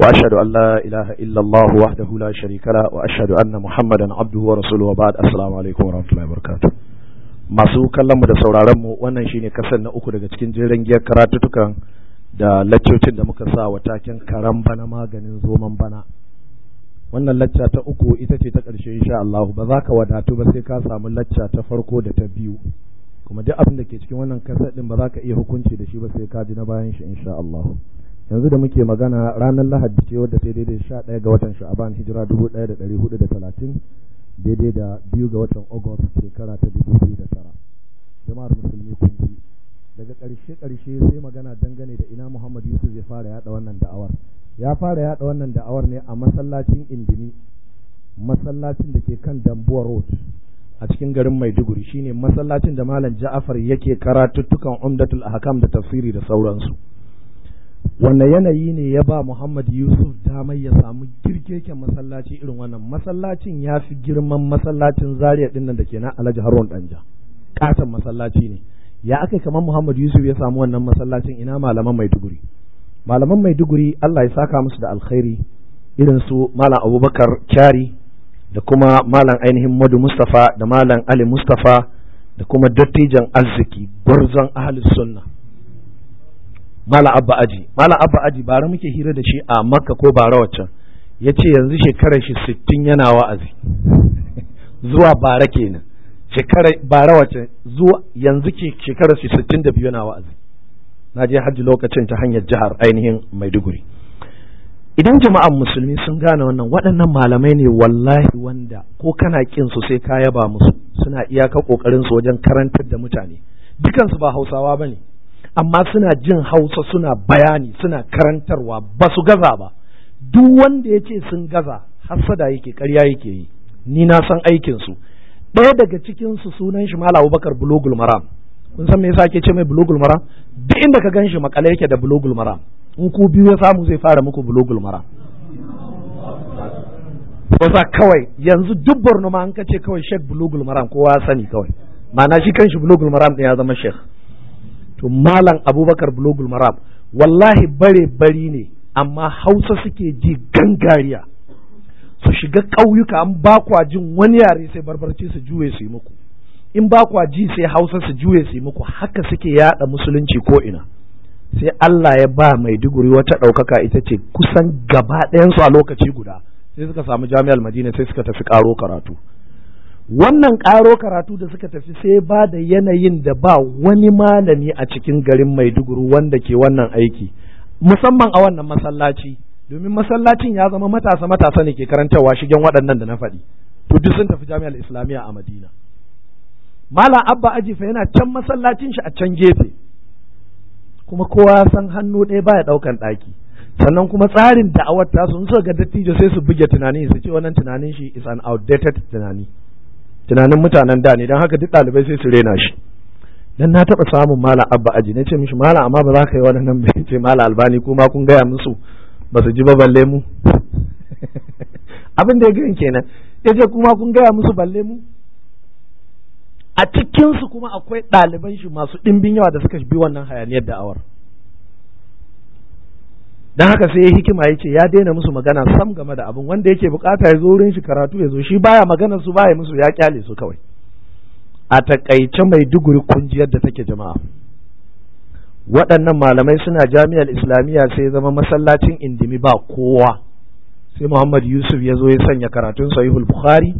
وأشهد أن لا إله إلا الله وحده لا شريك له وأشهد أن محمدا عبده ورسوله وبعد السلام عليكم ورحمة الله وبركاته masu mu da sauraron mu wannan shine kasar na uku daga cikin jerin giyar karatutukan da laccocin da muka sa wa taken karan bana maganin zoman bana wannan lacca ta uku ita ce ta ƙarshe insha Allah ba za ka wadatu ba sai ka samu lacca ta farko da ta biyu kuma duk abin da ke cikin wannan kasar din ba za ka iya hukunci da shi ba sai ka ji na bayan shi insha Allah yanzu da muke magana ranar lahadi ce wadda ta daidai sha ɗaya ga watan sha'aban hijira dubu ɗaya da ɗari hudu da talatin daidai da biyu ga watan august shekara ta dubu biyu da tara jama'ar musulmi kun ji daga ƙarshe ƙarshe sai magana dangane da ina muhammad yusuf zai fara yaɗa wannan da'awar ya fara yaɗa wannan da'awar ne a masallacin indimi masallacin da ke kan dambuwa road a cikin garin maiduguri shine masallacin da malam ja'afar yake karatuttukan umdatul ahkam da tafsiri da sauransu Wannan yanayi ne ya ba Muhammad Yusuf damar ya samu girkeken masallaci irin wannan masallacin ya fi girman masallacin zariya din nan da ke na Alhaji Harun Danja katon masallaci ne ya aka kamar Muhammad Yusuf ya samu wannan masallacin ina malaman Maiduguri malaman Maiduguri Allah ya saka musu da alkhairi irin su malam Abubakar Kyari da kuma malam ainihin Madu Mustafa da malam Ali Mustafa da kuma dattijan arziki gwarzon ahlus sunna mala abba aji mala abba aji bara muke hira da shi a makka ko bara waccan ya ce yanzu shekarar shi sittin yana wa'azi zuwa bara kenan shekarar bara waccan zuwa yanzu ke shekarar shi sittin da biyu yana wa'azi na je hajji lokacin ta hanyar jihar ainihin maiduguri idan jama'an musulmi sun gane wannan waɗannan malamai ne wallahi wanda ko kana kin su sai ka yaba musu suna iyaka kokarin su wajen karantar da mutane dukansu ba hausawa bane amma suna jin hausa suna bayani suna karantarwa ba su gaza ba duk wanda ya ce sun gaza hassada yake karya yake yi ni na san aikinsu ɗaya daga cikinsu sunan shi mala abubakar bulogul maram kun san me yasa ake ce mai bulogul maram duk inda ka gan shi makale yake da bulogul maram in ku biyu ya samu zai fara muku bulogul maram wasa kawai yanzu duk borno ma an kace kawai shek bulogul maram kowa sani kawai ma'ana shi kan shi bulogul maram ya zama shek to malam abubakar bulogul marab wallahi bare bari ne amma hausa suke ji gangariya su shiga ƙauyuka an ba jin wani yare sai barbarci su juye su yi muku in ba ji sai hausa su juye su yi muku haka suke yada musulunci ko ina sai Allah ya ba mai wata ɗaukaka ita ce kusan gaba ɗayansu a lokaci guda sai suka samu jami'ar madina sai suka tafi karo karatu wannan ƙaro karatu da suka tafi sai ba da yanayin da ba wani malami a cikin garin maiduguri wanda ke wannan aiki musamman a wannan masallaci domin masallacin ya zama matasa matasa ne ke karantarwa shigen waɗannan da na faɗi to duk sun tafi jami'ar islamiyya a madina malam abba ajifa yana can masallacin shi a can gefe kuma kowa san hannu ɗaya baya ɗaukan ɗaki sannan kuma tsarin da'awar ta sun so ga dattijo sai su buge tunani su ce wannan tunanin shi is an outdated tunani tunanin mutanen da ne don haka duk ɗalibai sai su rena shi dan na taɓa samun malam abba aji na ce mishi malam amma ba za ka yi nan bai ce mala albani kuma kun gaya musu ba su ji ba balle mu abin da ya gani kenan ya ce kuma kun gaya musu balle mu a cikinsu kuma akwai ɗaliban shi masu ɗimbin yawa da suka bi wannan hayaniyar awar. dan haka sai hikima ya ce ya daina musu magana sam game da abin wanda yake bukata ya zo wurin shi karatu ya zo shi baya magana su baya musu ya kyale su kawai a takaice mai duguri kunjiyar da take jama'a waɗannan malamai suna jami'ar islamiyya sai zama masallacin indimi ba kowa sai muhammad yusuf ya zo ya sanya karatun sahihul bukhari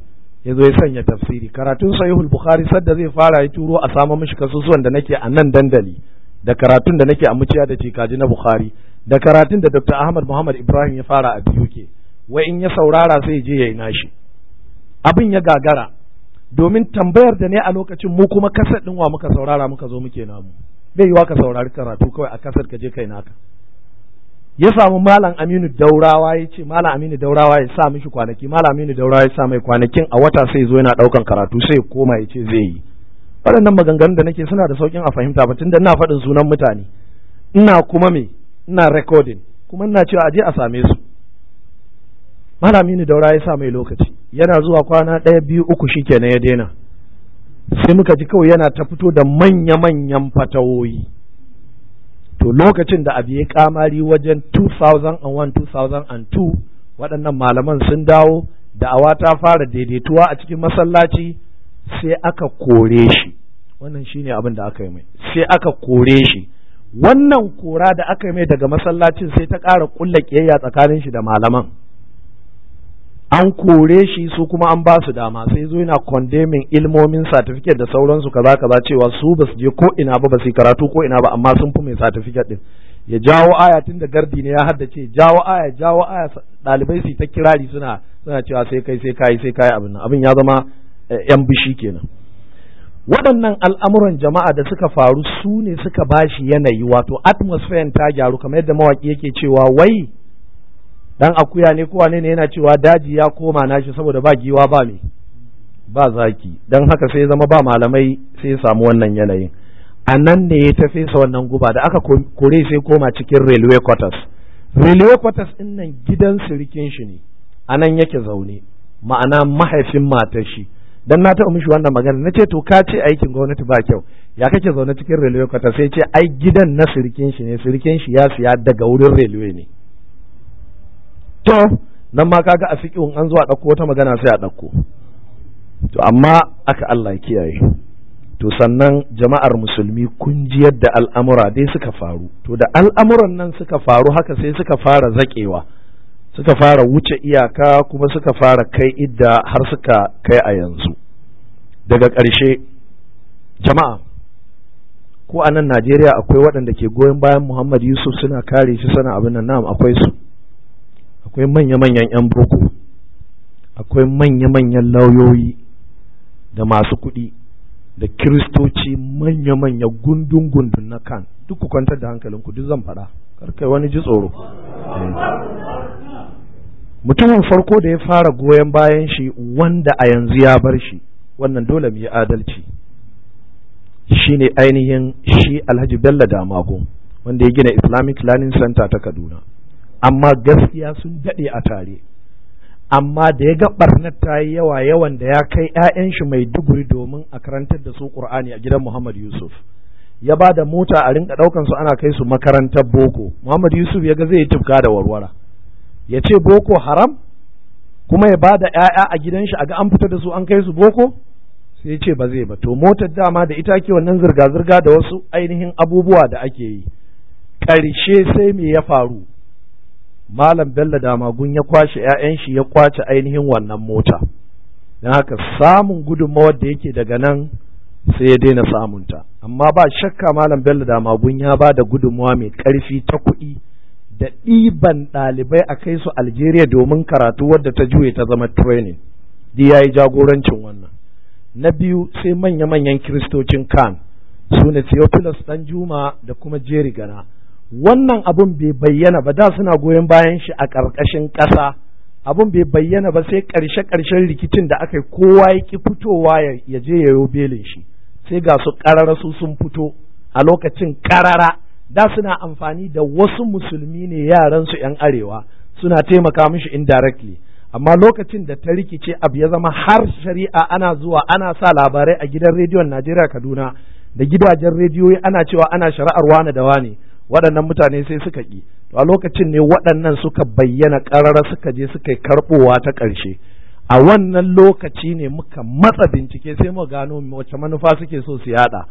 ya zo ya sanya tafsiri karatun sahihul bukhari sadda zai fara ya turo a samar mishi kasusuwan da nake a nan dandali da karatun da nake a muciya da kaji na bukhari da karatun da Dr. Ahmad Muhammad Ibrahim ya fara a BUK wa in ya saurara sai je ya yi nashi abin ya gagara domin tambayar da ne a lokacin mu kuma kasar din wa muka saurara muka zo muke namu bai wa ka saurari karatu kawai a kasar ka je kai naka ya samu malam Aminu Daurawa ya ce malam Aminu Daurawa ya sa mishi kwanaki malam Aminu Daurawa ya sa mai kwanakin a wata sai zo yana ɗaukan karatu sai koma ya ce zai yi waɗannan maganganun da nake suna da saukin a fahimta ba da ina faɗin sunan mutane ina kuma me ina recording kuma ina cewa aje a same su malami ne daura ya sa mai lokaci yana zuwa kwana ɗaya biyu uku shikenan ya daina sai muka ji kawai yana ta fito da manya-manyan fatawoyi to lokacin da abu ya kamari wajen 2001-2002 waɗannan malaman sun dawo da awa ta fara daidaituwa a cikin masallaci sai aka kore shi wannan shine abin da aka yi mai sai aka kore shi wannan kora da aka mai daga masallacin sai ta ƙara ƙulla ƙiyayya tsakanin shi da malaman an kore shi su kuma an ba su dama sai zo yana condemning ilmomin certificate da sauransu kaza kaza cewa su ba su je ko ina ba ba su karatu ko ina ba amma sun fi mai certificate din ya jawo aya tun da gardi ne ya haddace jawo aya jawo aya ɗalibai su ta kirari suna suna cewa sai kai sai kai sai kai abin abin ya zama eh, yan bishi kenan waɗannan al'amuran jama'a da suka faru su ne suka ba shi yanayi wato atmosphere ta gyaru kamar yadda mawaƙi yake cewa wai dan akuya ne ko wane ne yana cewa daji ya koma nashi saboda ba giwa ba me ba zaki dan haka sai zama ba malamai sai ya samu wannan yanayin a nan ne ya tafi sa wannan guba da aka kore sai koma cikin railway quarters railway quarters din nan gidan sirikin shi ne a nan yake zaune ma'ana mahaifin matar shi dan na taɓa mishi wannan magana na ce to ka ce aikin gwamnati ba kyau ya kake zaune cikin railway kwata sai ce ai gidan na sirkin shi ne sirkin shi ya siya daga wurin railway ne to nan ma kaga a fiƙin an zo a ɗauko wata magana sai a ɗauko to amma aka Allah kiyaye to sannan jama'ar musulmi kun ji yadda al'amura dai suka faru to da al'amuran nan suka faru haka sai suka fara zaƙewa suka fara wuce iyaka kuma suka fara kai idda har suka kai a yanzu daga ƙarshe jama'a ko a nan najeriya akwai waɗanda ke goyon bayan muhammad yusuf suna kare shi sana abin nan na'am akwai su akwai manya-manyan 'yan boko akwai manya-manyan lauyoyi da masu kuɗi da kiristoci manya-manya gundun-gundun na kan duk ku kwantar da hankalinku duk zan faɗa kai wani ji tsoro eh. mutumin farko da ya fara goyon bayan shi wanda a yanzu ya bar shi wannan dole mu yi adalci Shi ne ainihin shi Alhaji Bello Damago wanda ya gina Islamic Learning Center ta Kaduna amma gaskiya sun daɗe a tare amma da ya ga barnar ta yi yawa yawan da ya kai 'ya'yan shi mai duguri domin a karantar da su Qur'ani a gidan Muhammad Yusuf ya ba da mota a rinka ɗaukan su ana kai su makarantar boko Muhammad Yusuf ya ga zai yi tufka da warwara ya ce boko haram kuma ya bada ‘ya'ya a gidan shi a ga an fita da su an kai su boko sai ya ce ba zai ba to motar dama da ita ke wannan zirga-zirga da wasu ainihin abubuwa da ake yi ƙarshe sai me ya faru malam bello Magun ya kwashe 'ya'yan shi ya kwace ainihin wannan mota don haka samun gudunmawar da yake daga nan sai ya daina samunta amma ba shakka malam bello Magun ya ba da gudunmawa mai ƙarfi ta kuɗi da ɗiban ɗalibai a kai su Algeria domin karatu wadda ta juye ta zama training di ya yi jagorancin wannan na biyu sai manya-manyan kiristocin kan su ne Theophilus ɗan Juma da kuma Jerry Gana wannan abun bai bayyana ba da suna goyon bayan shi a ƙarƙashin ƙasa abun bai bayyana ba sai ƙarshe-ƙarshen rikicin da aka yi kowa ya ki fitowa ya je ya belin shi sai ga su ƙarara su sun fito a lokacin ƙarara da suna amfani da wasu musulmi ne yaransu 'yan arewa suna taimaka mishi indirectly amma lokacin da ta rikice abu ya zama har shari'a ana zuwa ana sa labarai a gidan rediyon Najeriya Kaduna da gidajen rediyoyi ana cewa ana shari'ar wane da wane waɗannan mutane sai suka ƙi to a lokacin ne waɗannan suka bayyana ƙarara suka je suka yi karɓowa ta ƙarshe a wannan lokaci ne muka matsa bincike sai mu gano wace manufa suke so su yaɗa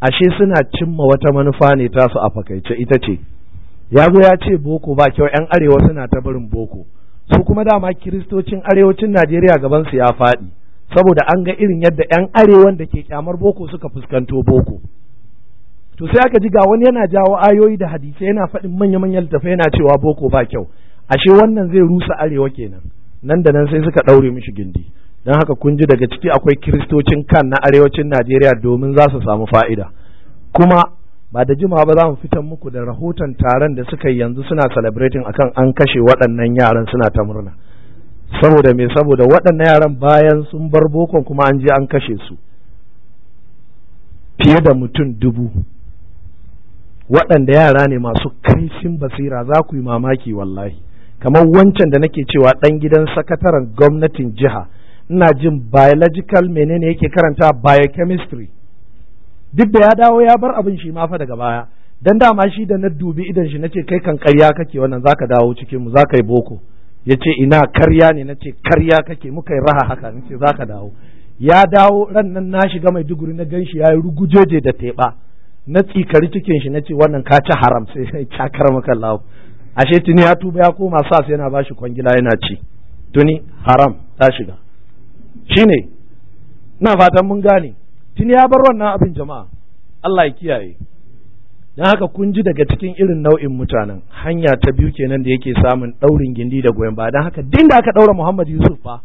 ashe suna cimma wata manufa ne tasu a fakaice ita ce ya zo ya ce boko ba kyau yan arewa suna ta barin boko su kuma dama kiristocin arewacin najeriya gaban su ya faɗi saboda an ga irin yadda yan arewan da ke kyamar boko suka fuskanto boko to sai aka ji ga wani yana jawo ayoyi da hadisai yana faɗin manya-manyan littafai yana cewa boko ba kyau ashe wannan zai rusa arewa kenan nan da nan sai suka ɗaure mishi gindi don haka kun ji daga ciki akwai kiristocin kan na arewacin najeriya domin za su samu fa'ida kuma ba da jimawa ba za mu fitan muku da rahoton taron da suka yanzu suna celebrating akan an kashe waɗannan yaran suna ta murna saboda me saboda waɗannan yaran bayan sun bar bokon kuma an je an kashe su fiye da mutum dubu waɗanda yara ne masu kaifin basira za ku yi mamaki wallahi kamar wancan da nake cewa ɗan gidan sakataren gwamnatin jiha ina jin biological menene yake karanta biochemistry duk da ya dawo ya bar abin shi ma fa daga baya dan dama shi da na dubi idan shi nace kai kan karya kake wannan zaka dawo cikin mu zaka yi boko yace ina karya ne nace karya kake muka yi raha haka nace zaka dawo ya dawo ran nan na shiga mai duguri na ganshi yayi rugujeje da teba na tsikari cikin shi nace wannan ka ci haram sai chakar maka lawo ashe tuni ya tuba ya koma sai yana bashi kwangila yana ci tuni haram ta shiga Shi ne, na fatan mun gane tun ya bar wannan abin jama'a Allah ya kiyaye don haka kun ji daga cikin irin nau'in mutanen hanya ta biyu kenan da yake samun ɗaurin gindi da goyon baya don haka din da aka ɗaura Muhammad Yusuf fa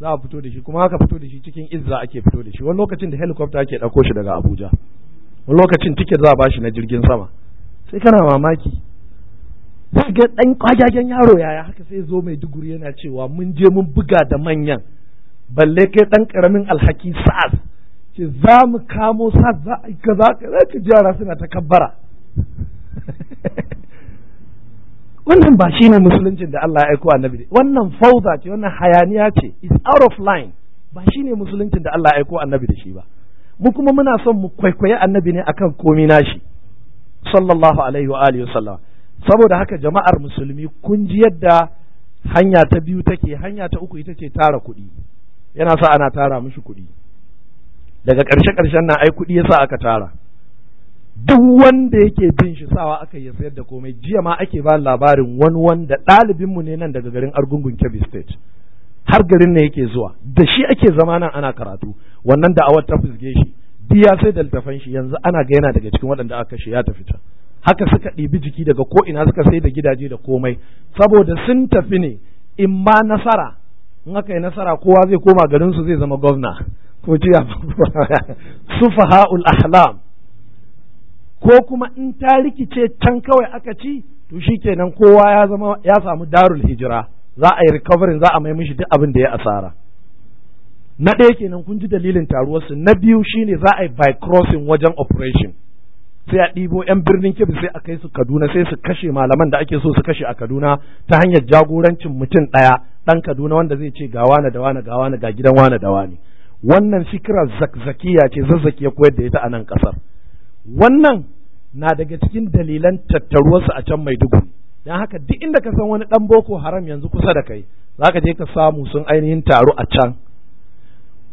za a fito da shi kuma haka fito da shi cikin izza ake fito da shi wani lokacin da helicopter ake ɗauko shi daga Abuja wani lokacin tiket za a bashi na jirgin sama sai kana mamaki sai ga ɗan kwagagen yaro yaya haka sai zo mai duguri yana cewa mun je mun buga da manyan balle kai ɗan ƙaramin alhaki sa'ad ce za mu kamo sa'ad za a yi kaza Ka ka jara suna ta kabbara wannan ba shi ne musuluncin da Allah ya aiko annabi wannan fauza ce wannan hayaniya ce is out of line ba shi ne musuluncin da Allah ya aiko annabi da shi ba mu kuma muna son mu kwaikwaye annabi ne akan komi nashi sallallahu alaihi wa alihi wasallam saboda haka jama'ar musulmi kun ji yadda hanya ta biyu take hanya ta uku ita ce tara kuɗi yana sa ana tara mishi kuɗi daga ƙarshe ƙarshen na ai kuɗi ya sa aka tara duk wanda yake bin shi sawa aka yi sayar da komai jiya ma ake ba labarin wani wanda ɗalibinmu ne nan daga garin argungun kebbi state har garin ne yake zuwa da shi ake zama nan ana karatu wannan da awar ta fusge shi biya sai da littafan shi yanzu ana ga yana daga cikin waɗanda aka shi ya tafi ta haka suka ɗibi jiki daga ko ina suka sai da gidaje da komai saboda sun tafi ne in ma nasara in aka yi nasara kowa zai koma garin su zai zama gwamna ko jiya sufaha'ul ahlam ko kuma in ta rikice can kawai aka ci to shikenan kowa ya zama ya samu darul hijira za a yi recovering za a mai mishi duk abin da ya asara na ɗaya kenan kun ji dalilin taruwarsu na biyu shine za a yi by crossing wajen operation sai a ɗibo 'yan birnin kebbi sai a kai su kaduna sai su kashe malaman da ake so su kashe a kaduna ta hanyar jagorancin mutum ɗaya ɗan kaduna wanda zai ce ga wane da wane ga wane ga gidan wane da wane wannan fikira zakzakiya ce zazzaki ya koyar da ita a nan ƙasar wannan na daga cikin dalilan tattaruwarsu a can mai maiduguri don haka duk inda ka san wani ɗan boko haram yanzu kusa da kai za ka je ka samu sun ainihin taro a can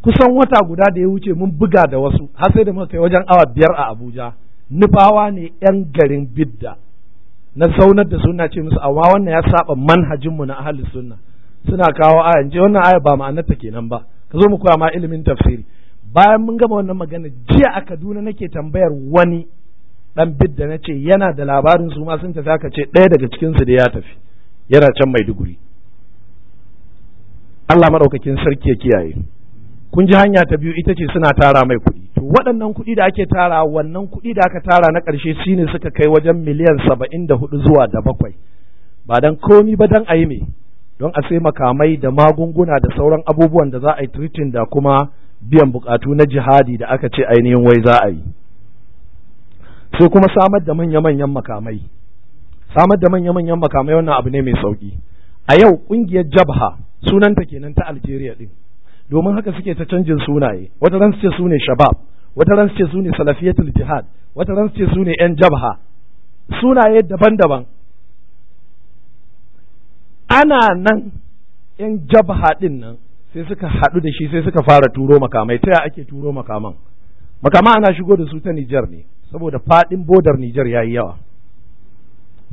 kusan wata guda da ya wuce mun buga da wasu har sai da muka kai wajen awa biyar a abuja nufawa ne ‘yan garin bidda na zaunar da suna ce musu amma wannan ya saba manhajinmu na ahalin sunna suna kawo ayan je wannan aya ba ma'anarta kenan ba ka zo mu koya ma ilimin tafsiri bayan mun gama wannan magana jiya a Kaduna nake tambayar wani dan bidda na ce yana da labarin su ma sun tafi aka ce ɗaya daga cikin su da ya tafi yana can Maiduguri Allah maɗaukakin sarki ya kiyaye kun ji hanya ta biyu ita ce suna tara mai kuɗi to waɗannan kuɗi da ake tara wannan kuɗi da aka tara na ƙarshe shine suka kai wajen miliyan saba'in da hudu zuwa da bakwai ba dan komi ba dan a yi me don a sai makamai da magunguna da sauran abubuwan da za a yi tritin da kuma biyan bukatu na jihadi da aka ce ainihin wai za a yi sai kuma samar da manya-manyan makamai samar da manya-manyan makamai wannan abu ne mai sauki a yau ƙungiyar jabha sunanta kenan ta Algeria din domin haka suke ta canjin sunaye wata ran ce su shabab wata ran ce su salafiyatul jihad wata ran ce su yan jabha sunaye daban-daban ana nan yan jabha din nan sai suka haɗu da shi sai suka fara turo makamai ta ake turo makaman makama ana shigo da su ta Nijar ne saboda faɗin bodar Nijar yayi yawa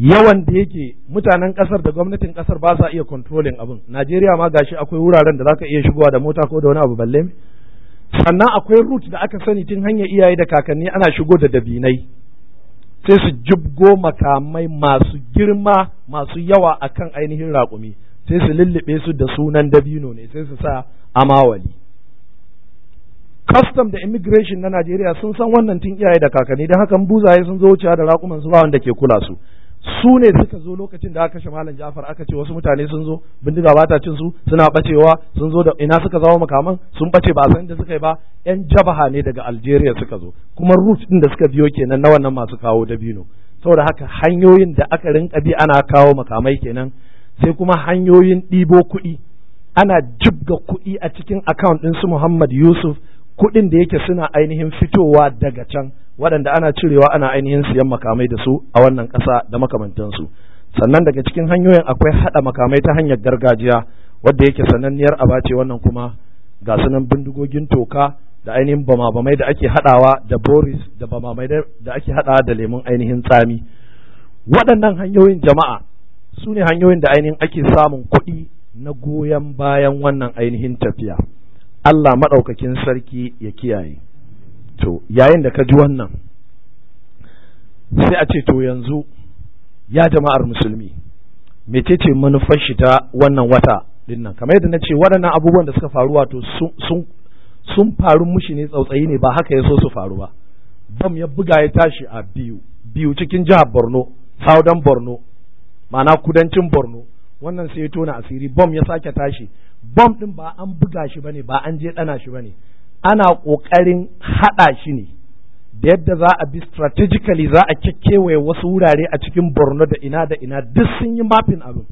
yawan da yake mutanen kasar da gwamnatin kasar ba sa iya controlling abin Najeriya ma gashi akwai wuraren da zaka iya shigowa da mota ko da wani abu balle sannan akwai route da aka sani tun hanyar iyaye da kakanni ana shigo da dabinai sai su jibgo makamai masu girma masu yawa akan ainihin raƙumi sai su lullube su da sunan dabino ne sai su sa amawali Kastam da immigration na Najeriya sun san wannan tun iyaye da kakanni don haka buzaye sun zo wucewa da raƙuman su ba wanda ke kula su su ne suka zo lokacin da aka kashe malam Ja'far aka ce wasu mutane sun zo bindiga ba ta cin su suna bacewa sun zo da ina suka zama makaman sun bace ba san da suka yi ba yan jabaha ne daga Algeria suka zo kuma route din da suka biyo kenan na wannan masu kawo dabino saboda haka hanyoyin da aka rinka bi ana kawo makamai kenan sai kuma hanyoyin ɗibo kuɗi ana jibga kuɗi a cikin account ɗin su Muhammad Yusuf kuɗin da yake suna ainihin fitowa daga can waɗanda ana cirewa ana ainihin siyan makamai da su a wannan ƙasa da makamantansu sannan daga cikin hanyoyin akwai haɗa makamai ta hanyar gargajiya wadda yake sananniyar aba ce wannan kuma ga sunan bindigogin toka da ainihin bamabamai da ake haɗawa da boris da bamamai da ake haɗawa da lemun ainihin tsami waɗannan hanyoyin jama'a su ne hanyoyin da ainihin ake samun kuɗi na goyon bayan wannan ainihin tafiya Allah maɗaukakin sarki ya kiyaye. to yayin da ka ji wannan sai a ce to yanzu ya jama'ar musulmi mecece manufar shi ta wannan wata dinnan kamar yadda na ce waɗannan abubuwan da suka faru wato sun faru mushi ne tsautsayi ne ba haka ya so su faru ba bam ya buga ya tashi a biyu biyu cikin jihar borno saudan borno ma'ana kudancin borno wannan sai ya tona asiri bam ya sake tashi bam din ba an buga shi bane ba an je dana shi bane ana ƙoƙarin haɗa shi ne da yadda za a bi strategically za a kekewaye wasu wurare a cikin borno da ina da ina duk sun yi mapping abin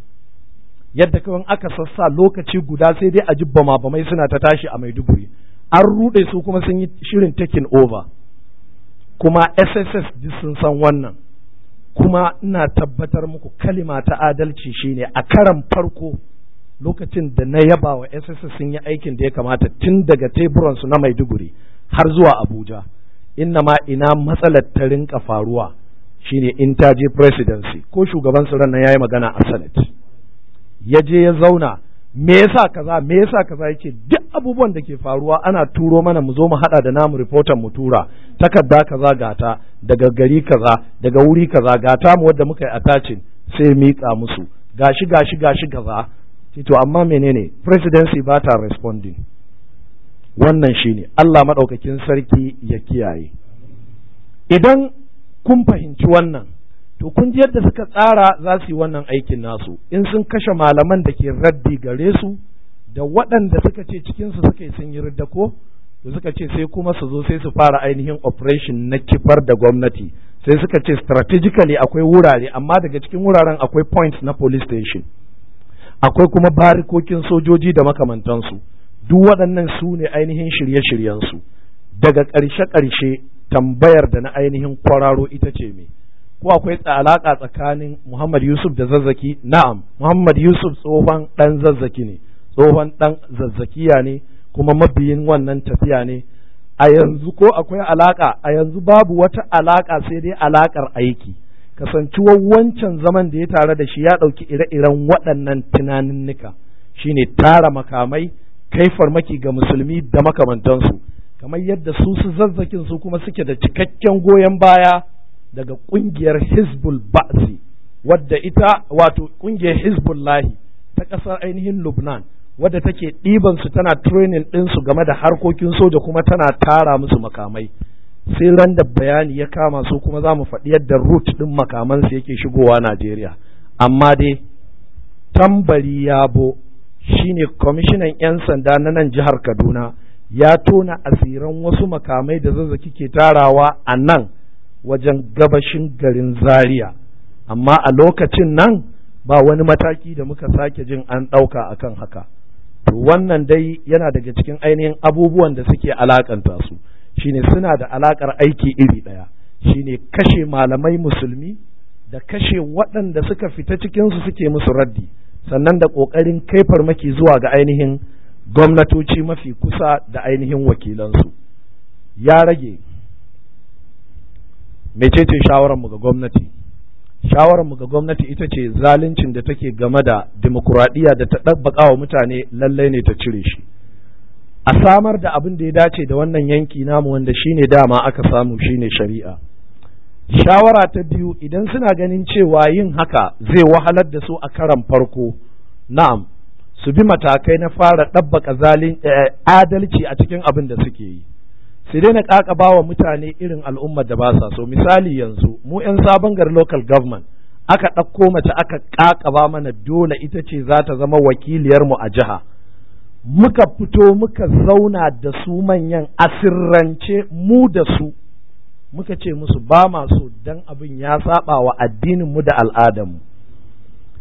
yadda kawai aka sassa lokaci guda sai dai a ji bama-bamai suna ta tashi a maiduguri an ruɗe su kuma sun yi shirin taking over kuma sss duk sun san wannan kuma ina tabbatar muku kalima ta adalci shine a karan farko lokacin da na yaba wa ss sun yi aikin da ya kamata tun daga teburansu na Maiduguri har zuwa Abuja inna ma ina matsalar ta rinka faruwa shine in ta je presidency ko shugaban tsiron nan yayi magana a senate ya je ya zauna me yasa kaza me yasa kaza yake duk abubuwan da ke faruwa ana turo mana mu zo mu hada da namu reporter mu tura takarda kaza gata daga gari kaza daga wuri kaza gata mu wadda muka yi attaching sai mika musu gashi gashi gashi kaza ce to amma menene presidency ba ta responding wannan shine Allah maɗaukakin sarki ya kiyaye idan kun fahimci wannan to kun ji yadda suka tsara za su yi wannan aikin nasu in sun kashe malaman da ke raddi gare su da waɗanda suka ce cikinsu suka sun yi ridda ko to suka ce sai kuma su zo sai su fara ainihin operation na kifar da gwamnati sai suka ce strategically akwai wurare amma daga cikin wuraren akwai points na police station akwai kuma barikokin sojoji da makamantansu duk waɗannan su ne ainihin shirye-shiryensu daga ƙarshe-ƙarshe tambayar da na ainihin kwararo ita ce me ko akwai alaƙa tsakanin Muhammad Yusuf da zazzaki na'am Muhammad Yusuf tsohon ɗan zazzaki ne tsohon ɗan zazzakiya ne kuma mabiyin wannan tafiya ne a yanzu ko akwai alaƙa a yanzu babu wata alaƙa sai dai alaƙar aiki kasanci wancan zaman da ya tare da shi ya ɗauki ire-iren waɗannan tunaninnika ne tara makamai kai farmaki ga musulmi da makamantansu kamar yadda su su zazzakin su kuma suke da cikakken goyon baya daga ƙungiyar hizbul ba'zi wadda ita wato ƙungiyar Lahi ta ƙasar ainihin lubnan wadda take ɗiban su tana training ɗinsu game da harkokin soja kuma tana tara musu makamai sai ran da bayani ya kama su kuma za mu faɗi yadda root ɗin makamansu yake shigowa Najeriya amma dai tambari ya yabo shine kwamishinan 'yan sanda na nan jihar Kaduna ya tona asiran wasu makamai da zazzaki ke tarawa a nan wajen gabashin garin Zaria amma a lokacin nan ba wani mataki da muka sake jin an ɗauka a kan haka to wannan dai yana daga cikin ainihin abubuwan da suke alakanta su shine suna da alaƙar aiki iri ɗaya shine kashe malamai musulmi da kashe waɗanda suka fita cikinsu suke musu raddi sannan da ƙoƙarin kai farmaki zuwa ga ainihin gwamnatoci mafi kusa da ainihin wakilansu ya rage mecece shawararmu ga gwamnati shawararmu ga gwamnati ita ce zaluncin da take game da demokuraɗiyya da ta ɗabbaƙa wa mutane lallai ne ta cire shi a samar da abin da ya dace da wannan yanki namu wanda shine dama aka samu shine shari'a shawara ta biyu idan suna ganin cewa yin haka zai wahalar da su a karan farko na'am su bi matakai na fara ɗabbaka zalin eh, adalci a cikin abin da suke yi su daina ƙaƙaba wa mutane irin al'ummar da ba sa so misali yanzu mu 'yan sabon gar local government aka ɗauko mace aka ƙaƙaba mana dole ita ce za ta zama wakiliyarmu a jiha muka fito muka zauna da su manyan asirrance mu da su muka ce musu ba masu dan abin ya saba wa addinin mu da mu.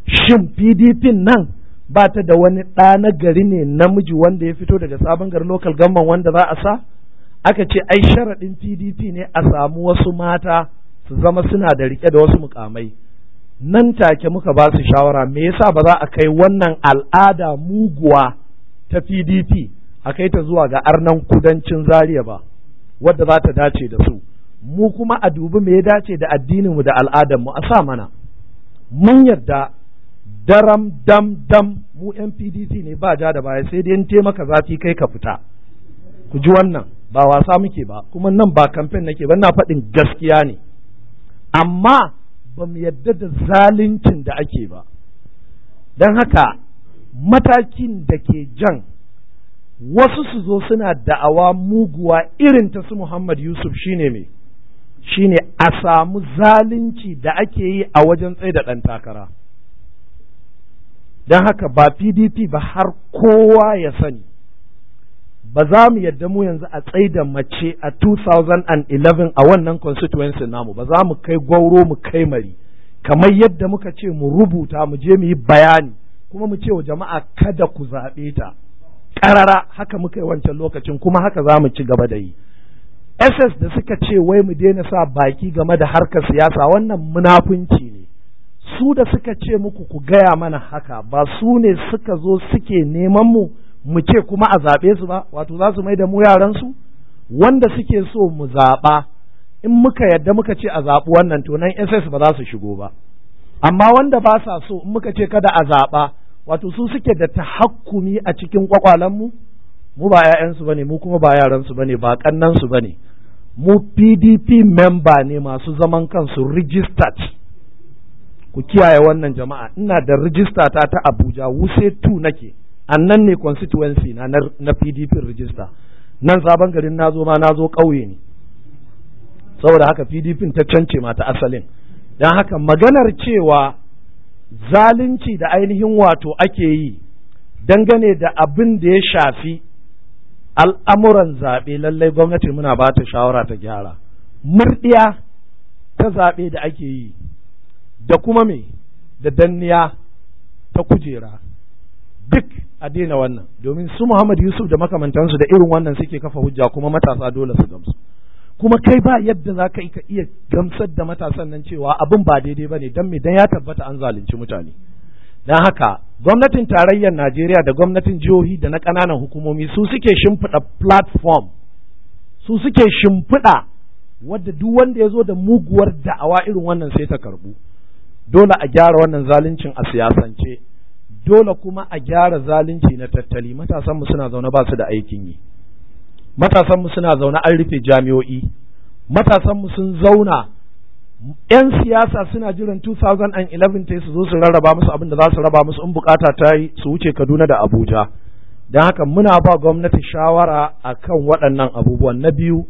shin pdp nan ba ta da wani ɗa na gari ne namiji wanda ya fito daga sabon gari local gamban wanda za a sa aka ce ai sharaɗin pdp ne a samu wasu mata su zama suna da rike da wasu mukamai nan take muka ba su shawara me yasa ba za a kai wannan al'ada muguwa ta PDP a kai ta zuwa ga arnan kudancin Zaria ba wadda za ta dace da su mu kuma a dubi me ya dace da addininmu da al'adarmu a sa mana mun yarda daram dam dam mu yan PDP ne ba ja da baya sai dai in maka zafi kai ka fita ku ji wannan ba wasa muke ba kuma nan ba kamfen nake ba na faɗin gaskiya ne amma ba mu yarda da zaluncin da ake ba don haka matakin da ke jan wasu su zo suna da'awa muguwa irin ta su Muhammad Yusuf shine me shine a samu zalunci da ake yi a wajen tsaye da ɗan takara don haka ba PDP ba har kowa ya sani ba za mu yadda mu yanzu a da mace a 2011 a wannan constituency namu ba za mu kai gwauro mu kai mari kamar yadda muka ce mu rubuta mu je mu yi bayani kuma mu ce wa jama'a kada ku zaɓe ta ƙarara haka muka yi wancan lokacin kuma haka za mu ci gaba da yi ss da suka ce wai mu daina sa baki game da harkar siyasa wannan munafunci ne su da suka ce muku ku gaya mana haka ba su ne suka zo suke neman mu mu ce kuma a zaɓe su ba wato za su mai da mu yaransu wanda suke so mu zaɓa in muka yadda muka ce a zaɓi wannan to nan ss ba za su shigo ba amma wanda ba sa so in muka ce kada a zaɓa wato su suke da tahakkumi a cikin kwakwalenmu mu ba 'ya'yansu ba ne mu kuma ba yaransu ba ne ba ƙannansu ba ne mu pdp memba ne masu zaman kansu registered ku kiyaye wannan jama'a ina da rijista ta ta abuja wuse 2 nake annan ne constituency na na pdp register nan sabon garin na ma na zo ƙauye ne saboda haka pdp ta cance mata asalin don haka maganar cewa zalunci da ainihin wato ake yi dangane da abin da ya shafi al'amuran zaɓe lallai gwamnati muna ba ta shawara ta gyara murɗiya ta zaɓe da ake yi da kuma me da danniya ta kujera duk a daina wannan domin su Muhammad Yusuf da makamantansu da irin wannan suke kafa hujja kuma matasa dole su gamsu kuma kai ba yadda za ka iya gamsar da matasan nan cewa abin ba daidai ba ne don me don ya tabbata an zalunci mutane don haka gwamnatin tarayyar najeriya da gwamnatin jihohi da na ƙananan hukumomi su suke shimfiɗa platform su suke shimfiɗa wadda duk wanda ya zo da muguwar da'awa irin wannan sai ta karbu dole a gyara wannan zaluncin a siyasance dole kuma a gyara zalunci na tattali matasanmu suna zaune ba su da aikin yi matasanmu suna zaune an rufe jami'o'i matasanmu sun zauna 'yan siyasa suna jiran 2011 ta su zo su rarraba musu abin da za su raba musu in bukata ta yi su wuce kaduna da abuja don haka muna ba gwamnati shawara a kan waɗannan abubuwan na biyu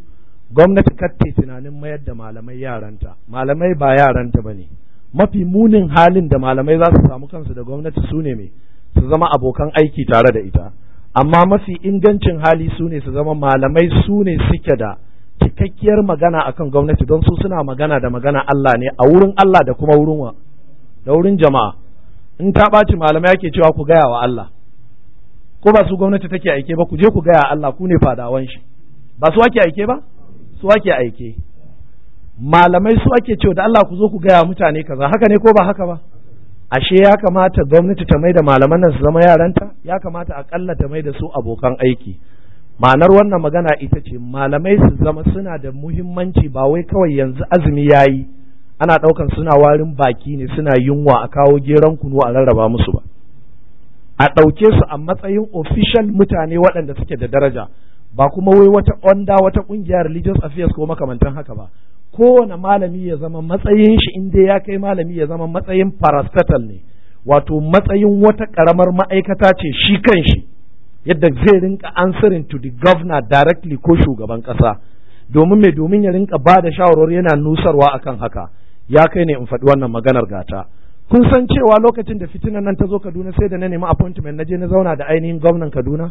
gwamnati katte tunanin mayar da malamai yaranta malamai ba yaranta ba ne mafi munin halin da malamai za su samu kansu da gwamnati su ne mai su zama abokan aiki tare da ita amma mafi ingancin hali su ne su zama malamai su ne suke da cikakkiyar magana akan gwamnati don su suna magana da magana Allah ne a wurin Allah da kuma wurin wa da wurin jama'a in ta ɓaci malamai ake cewa ku gaya wa Allah ko ba su gwamnati take aike ba ku je ku gaya Allah ku ne fadawan shi ba su ake aike ba su ake aike malamai su ake cewa da Allah ku zo ku gaya mutane kaza haka ne ko ba haka ba ashe ya kamata gwamnati ta mai da malaman nan su zama yaranta ya kamata akalla ta mai da su abokan aiki ma'anar wannan magana ita ce malamai su zama suna da muhimmanci ba wai kawai yanzu azumi yayi ana ɗaukan suna warin baki ne suna yunwa a kawo geron kunu a rarraba musu ba a ɗauke su a matsayin official mutane waɗanda suke da daraja ba kuma wai wata onda wata ƙungiyar religious affairs ko makamantan haka ba kowane malami ya zama matsayin shi in dai ya kai malami ya zama matsayin parastatal ne wato matsayin wata karamar ma'aikata ce shi kan shi yadda zai rinka answering to the governor directly ko shugaban kasa domin mai domin ya rinka ba da shawarwar yana nusarwa akan haka ya kai ne in faɗi wannan maganar gata kun san cewa lokacin da fitinan nan ta zo Kaduna sai da na nemi appointment na je na zauna da ainihin gwamnan Kaduna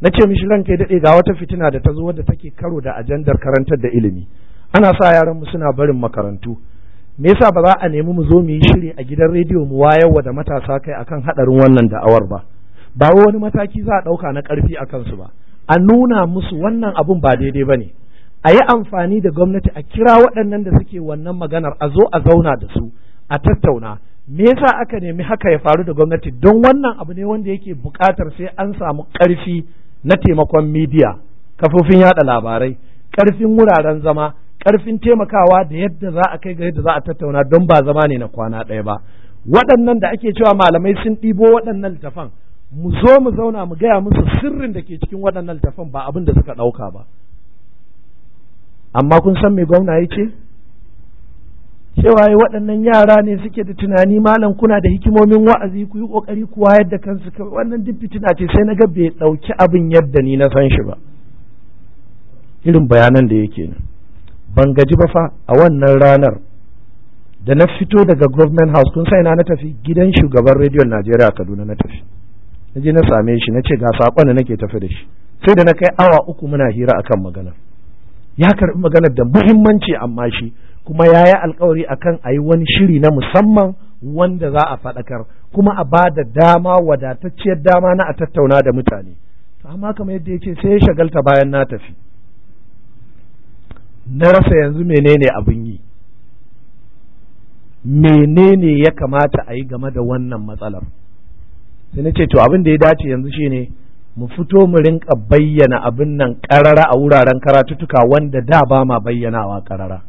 na ce mishi ranka ya daɗe ga wata fitina da ta zo wadda take karo da ajandar karantar da ilimi ana sa yaran mu suna barin makarantu me yasa ba za a nemi mu zo mu yi shiri a gidan rediyo mu wayar wa da matasa kai akan hadarin wannan da'awar ba ba wani mataki za a dauka na karfi a kansu ba a nuna musu wannan abun ba daidai bane a yi amfani da gwamnati a kira waɗannan da suke wannan maganar a zo a zauna da su a tattauna me yasa aka nemi haka ya faru da gwamnati don wannan abu ne wanda yake buƙatar sai an samu ƙarfi na taimakon midiya kafofin yaɗa labarai ƙarfin wuraren zama ƙarfin taimakawa da yadda za a kai ga yadda za a tattauna don ba zama ne na kwana ɗaya ba waɗannan da ake cewa malamai sun ɗibo waɗannan littafan mu zo mu zauna mu gaya musu sirrin da ke cikin waɗannan littafan ba abin da suka ɗauka ba amma kun san me gwamna ya ce cewa waɗannan yara ne suke da tunani malam kuna da hikimomin wa'azi ku yi ƙoƙari ku wayar da kansu kai wannan duk fitina ce sai na ga bai ɗauki abin yadda ni na san shi ba irin bayanan da yake nan ban gaji ba fa a wannan ranar da na fito daga government house kun sai na na tafi gidan shugaban rediyon najeriya kaduna na tafi na je na same shi na ce ga sakon da nake tafi da shi sai da na kai awa uku muna hira akan magana ya karɓi maganar da muhimmanci amma shi kuma ya yi alkawari akan a yi wani shiri na musamman wanda za a faɗakar kuma a ba da dama wadatacciyar dama na a tattauna da mutane amma kamar yadda ya ce sai ya shagalta bayan na tafi na rasa yanzu menene abin yi menene ya kamata a yi game da wannan matsalar sai na ce to abin da ya dace yanzu shine mu fito mu rinka bayyana abin nan karara a wuraren karatuttuka wanda da ba ma bayyanawa karara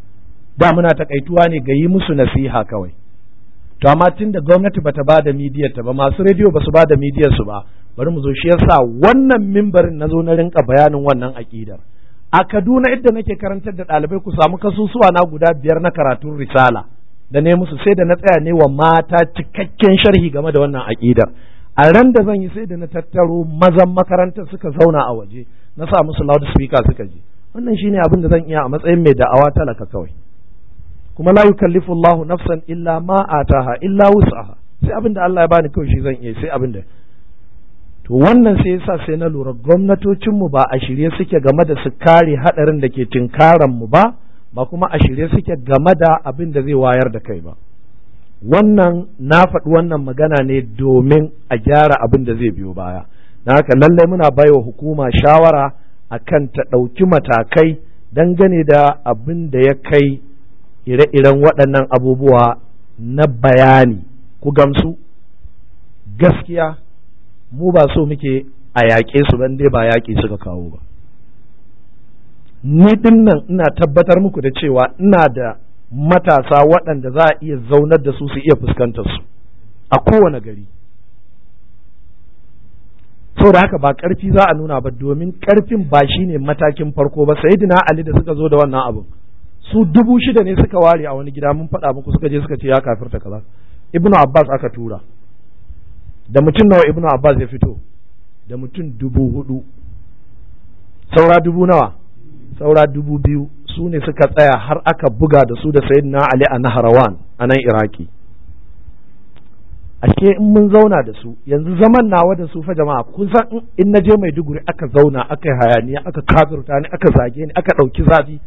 da muna takaituwa ne ga yi musu nasiha kawai to amma tun da gwamnati bata ba da midiyar ta ba masu rediyo basu su ba da midiyar su ba bari mu zo shi yasa wannan mimbarin na zo na rinka bayanin wannan aƙidar a Kaduna inda nake karantar da ɗalibai ku samu kasusuwa na guda biyar na karatun risala da ne musu sai da na tsaya ne wa mata cikakken sharhi game da wannan aƙidar a ran da zan yi sai da na tattaro mazan makarantar suka zauna a waje na sa musu loudspeaker suka je. wannan shine abin da zan iya a matsayin mai da'awa talaka kawai kuma la yukallifu Allahu nafsan illa ma ataha illa wus'aha sai abin da Allah ya bani kawai shi zan iya sai abin da to wannan sai yasa sai na lura gwamnatocinmu ba a shirye suke game da su kare hadarin da ke tinkaran mu ba ba kuma a shirye suke game da abin da zai wayar da kai ba wannan na faɗi wannan magana ne domin a gyara abin da zai biyo baya na haka lallai muna baiwa hukuma shawara a kan ta ɗauki matakai dangane da abin da ya kai ire-iren waɗannan abubuwa na bayani ku gamsu gaskiya mu ba so muke a yaƙe su ban dai ba yaƙi suka kawo ba ni din ina tabbatar muku da cewa ina da matasa waɗanda za a iya zaunar da su su iya fuskantar su a kowane gari Sau da haka ba ƙarfi za a nuna ba domin ƙarfin ba shi ne matakin farko ba sai dina ali da suka zo da wannan abin su dubu shida ne suka ware a wani gida mun faɗa muku suka je suka ce ya kafirta kaza ibnu abbas aka tura da mutum nawa ibnu abbas ya fito da mutum dubu hudu saura dubu nawa saura dubu biyu su ne suka tsaya har aka buga da su da sayyidina ali a naharawan a nan iraki ashe in mun zauna da su yanzu zaman nawa da su fa jama'a kun san in na je maiduguri aka zauna aka yi hayaniya aka kazurta ni aka zage ni aka ɗauki zafi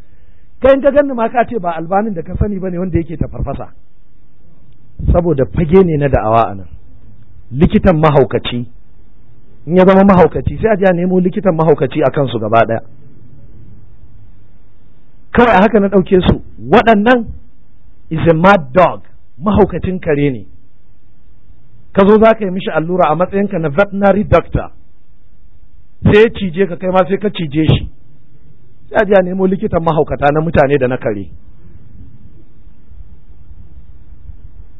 kai in ka ganni ma ka ce ba albanin da ka sani bane wanda yake ta farfasa saboda fage ne na da'awa a nan likitan mahaukaci in ya zama mahaukaci sai a ji a nemo likitan mahaukaci a kansu gaba ɗaya kawai a haka na ɗauke su waɗannan is a mad dog mahaukacin kare ne ka zo za ka yi mishi allura a matsayinka na veterinary doctor sai ya cije ka kai ma sai ka cije shi sai a ji a nemo likitan mahaukata na mutane da na kare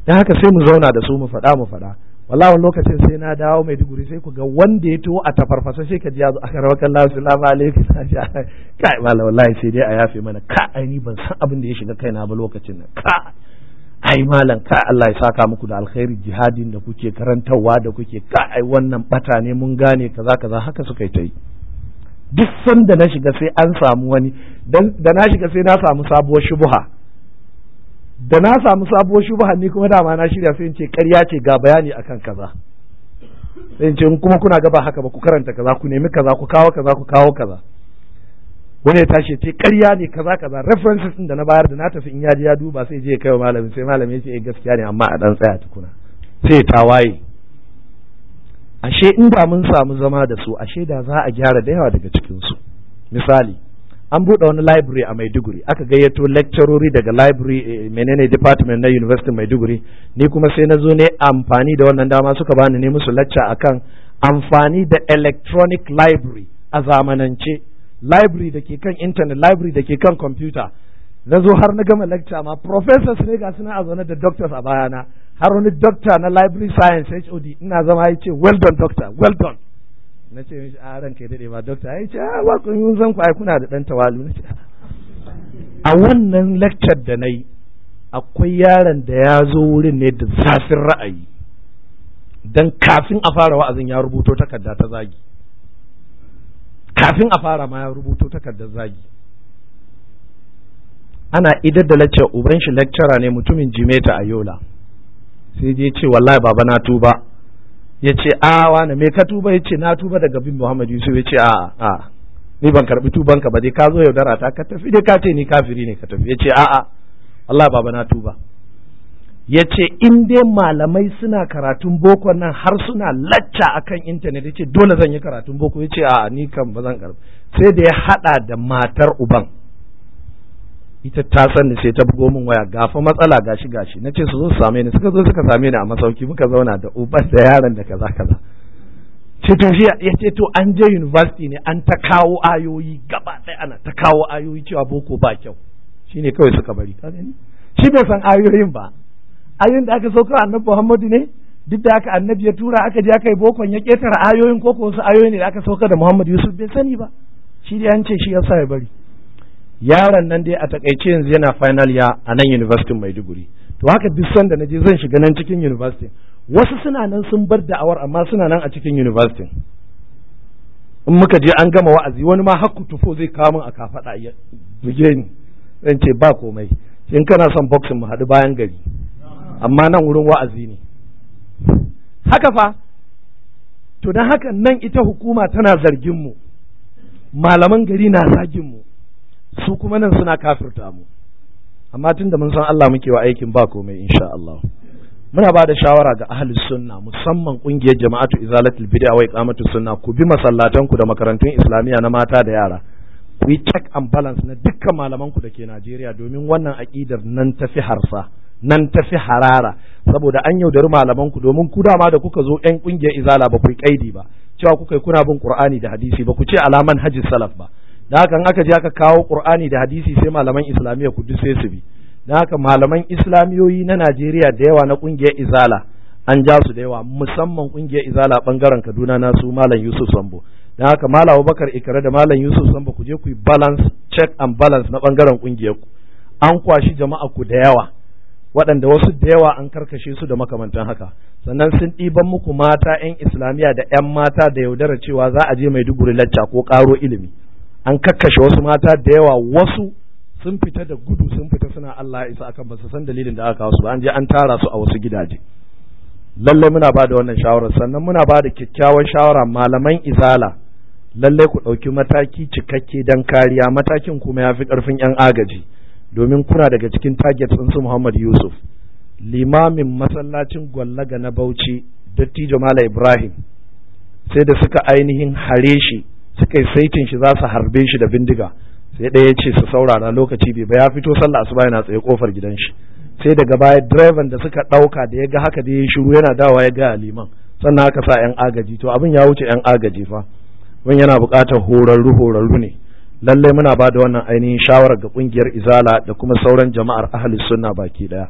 don haka sai mu zauna da su mu faɗa mu faɗa wallahi lokacin sai na dawo mai Maiduguri sai ku ga wanda ya tuwo a tafarfasa sai ka ji yazo aka rawa kan salamu alaikum kai mala wallahi sai dai a yafe mana ka ai ban san abin da ya shiga kaina ba lokacin nan ka ai malam ka Allah ya saka muku da alkhairi jihadin da kuke karantarwa da kuke ka ai wannan bata ne mun gane kaza kaza haka suka yi ta yi duk sanda na shiga sai an samu wani da na shiga sai na samu sabuwar shubuha da na samu sabuwar shubha ni kuma dama na shirya sai in ce ƙarya ce ga bayani akan kaza sai in ce kuma kuna gaba haka ba ku karanta kaza ku nemi kaza ku kawo kaza ku kawo kaza wani ya tashi ce ƙarya ne kaza kaza references din da na bayar da na tafi in yaji ya duba sai je kai wa malamin sai malamin ya ce eh gaskiya ne amma a dan tsaya tukuna sai ta waye ashe in ba mun samu zama da su ashe da za a gyara da yawa daga cikin su misali an buɗe wani library a maiduguri aka gayyato lecturori daga library eh, menene department na university maiduguri ni kuma sai na zo ne amfani da wannan dama suka bani ne musu lacca akan amfani da electronic library a zamanance library da ke kan internet library da ke kan computer na zo har na gama lecture ma professors ne ga suna a zaune da doctors a bayana har wani doctor na library science HOD ina zama ya ce well done doctor well done na ce mishi a ranka ya daɗe ba dokta ya ce a wakon yi zan kwaye kuna da ɗan tawalu na ce a wannan lakcar da na yi akwai yaron da ya zo wurin ne da zafin ra'ayi don kafin a fara wa'azin ya rubuto takarda ta zagi kafin a fara ma ya rubuto takardar zagi ana idar da lakcar uban shi lecturer ne mutumin jimeta a yola sai je ce wallahi baba na tuba ya ce a wani me ka tuba ya ce na tuba daga bin Muhammad Yusuf ya ce a a ni ban karbi tuban ka ba dai ka zo yaudara ta ka tafi dai ka ce ni kafiri ne ka tafi ya ce a a Allah baba na tuba ya ce in dai malamai suna karatun boko nan har suna lacca akan intanet ya ce dole zan yi karatun boko ya ce a ni kan ba zan karbi sai da ya haɗa da matar uban ita ta sani sai ta bugo min waya gafa matsala gashi gashi na ce su zo su same ni suka zo suka same ni a masauki muka zauna da uban da yaron da kaza kaza ce to shi ya ce to an je university ne an ta kawo ayoyi gaba ɗaya ana ta kawo ayoyi cewa boko ba kyau shine kawai suka bari ka gani shi bai san ayoyin ba ayoyin da aka sauka annabi Muhammadu ne duk da aka annabi ya tura aka je aka yi bokon ya ketara ayoyin ko ko wasu ayoyi ne da aka sauka da Muhammadu Yusuf bai sani ba shi dai an ce shi ya sa ya bari yaron nan dai a takaice yanzu yana final ya a nan university maiduguri to haka duk sanda na je zan shiga nan cikin university wasu suna nan sun bar da'awar amma suna nan a cikin university in muka je an gama wa'azi wani ma hakku tufo zai kawo min a kafada ya buge ni zan ce ba komai in kana son boxing mu haɗu bayan gari amma nan wurin wa'azi ne haka fa to don haka nan ita hukuma tana zargin mu malaman gari na zagin mu su kuma nan suna kafirta mu amma tunda mun san Allah muke wa aikin ba komai insha Allah muna ba da shawara ga ahli sunna musamman kungiyar jama'atu izalatul bid'a wa iqamatu sunna ku bi masallatan ku da makarantun islamiya na mata da yara ku yi check and balance na dukkan malaman ku da ke Najeriya domin wannan aqidar nan tafi harsa nan tafi harara saboda an yaudari malaman ku domin ku dama da kuka zo yan kungiyar izala ba ku yi kaidi ba cewa kuka kuna bin qur'ani da hadisi ba ku ce alaman hajji salaf ba da haka aka je aka kawo qur'ani da hadisi sai malaman islamiyya ku duk su bi da haka malaman islamiyoyi na Najeriya da yawa na kungiyar izala an ja su da yawa musamman kungiyar izala bangaren Kaduna na su malam Yusuf Sambo da haka malam Abubakar Ikare da malam Yusuf Sambo ku je ku yi balance check and balance na bangaren kungiyar ku an kwashi jama'a ku da yawa waɗanda wasu da yawa an karkashe su da makamantan haka sannan sun ɗiban muku mata 'yan islamiyya da 'yan mata da yaudara cewa za a je maiduguri lacca ko ƙaro ilimi an kakkashe wasu mata da yawa wasu sun fita da gudu sun fita suna Allah isa akan ba su san dalilin da aka su ba an je an tara su a wasu gidaje lalle muna ba da wannan shawarar sannan muna ba da kyakkyawar shawara malaman izala lalle ku ɗauki mataki cikakke don kariya matakin kuma ya fi ƙarfin 'yan agaji domin kuna daga cikin target sun su Muhammad Yusuf limamin masallacin gwallaga na Bauchi dattijo Malam Ibrahim sai da suka ainihin hare shi suka yi saitin shi za su harbe shi da bindiga sai ɗaya ya ce su saurara lokaci bai ba ya fito sallah asuba yana tsaye kofar gidan shi sai daga baya direban da suka ɗauka da ya ga haka da ya yi shiru yana dawa ya gaya liman sannan haka sa yan agaji to abin ya wuce yan agaji fa mun yana buƙatar horarru horarru ne lallai muna ba da wannan ainihin shawarar ga ƙungiyar izala da kuma sauran jama'ar ahli sunna baki ɗaya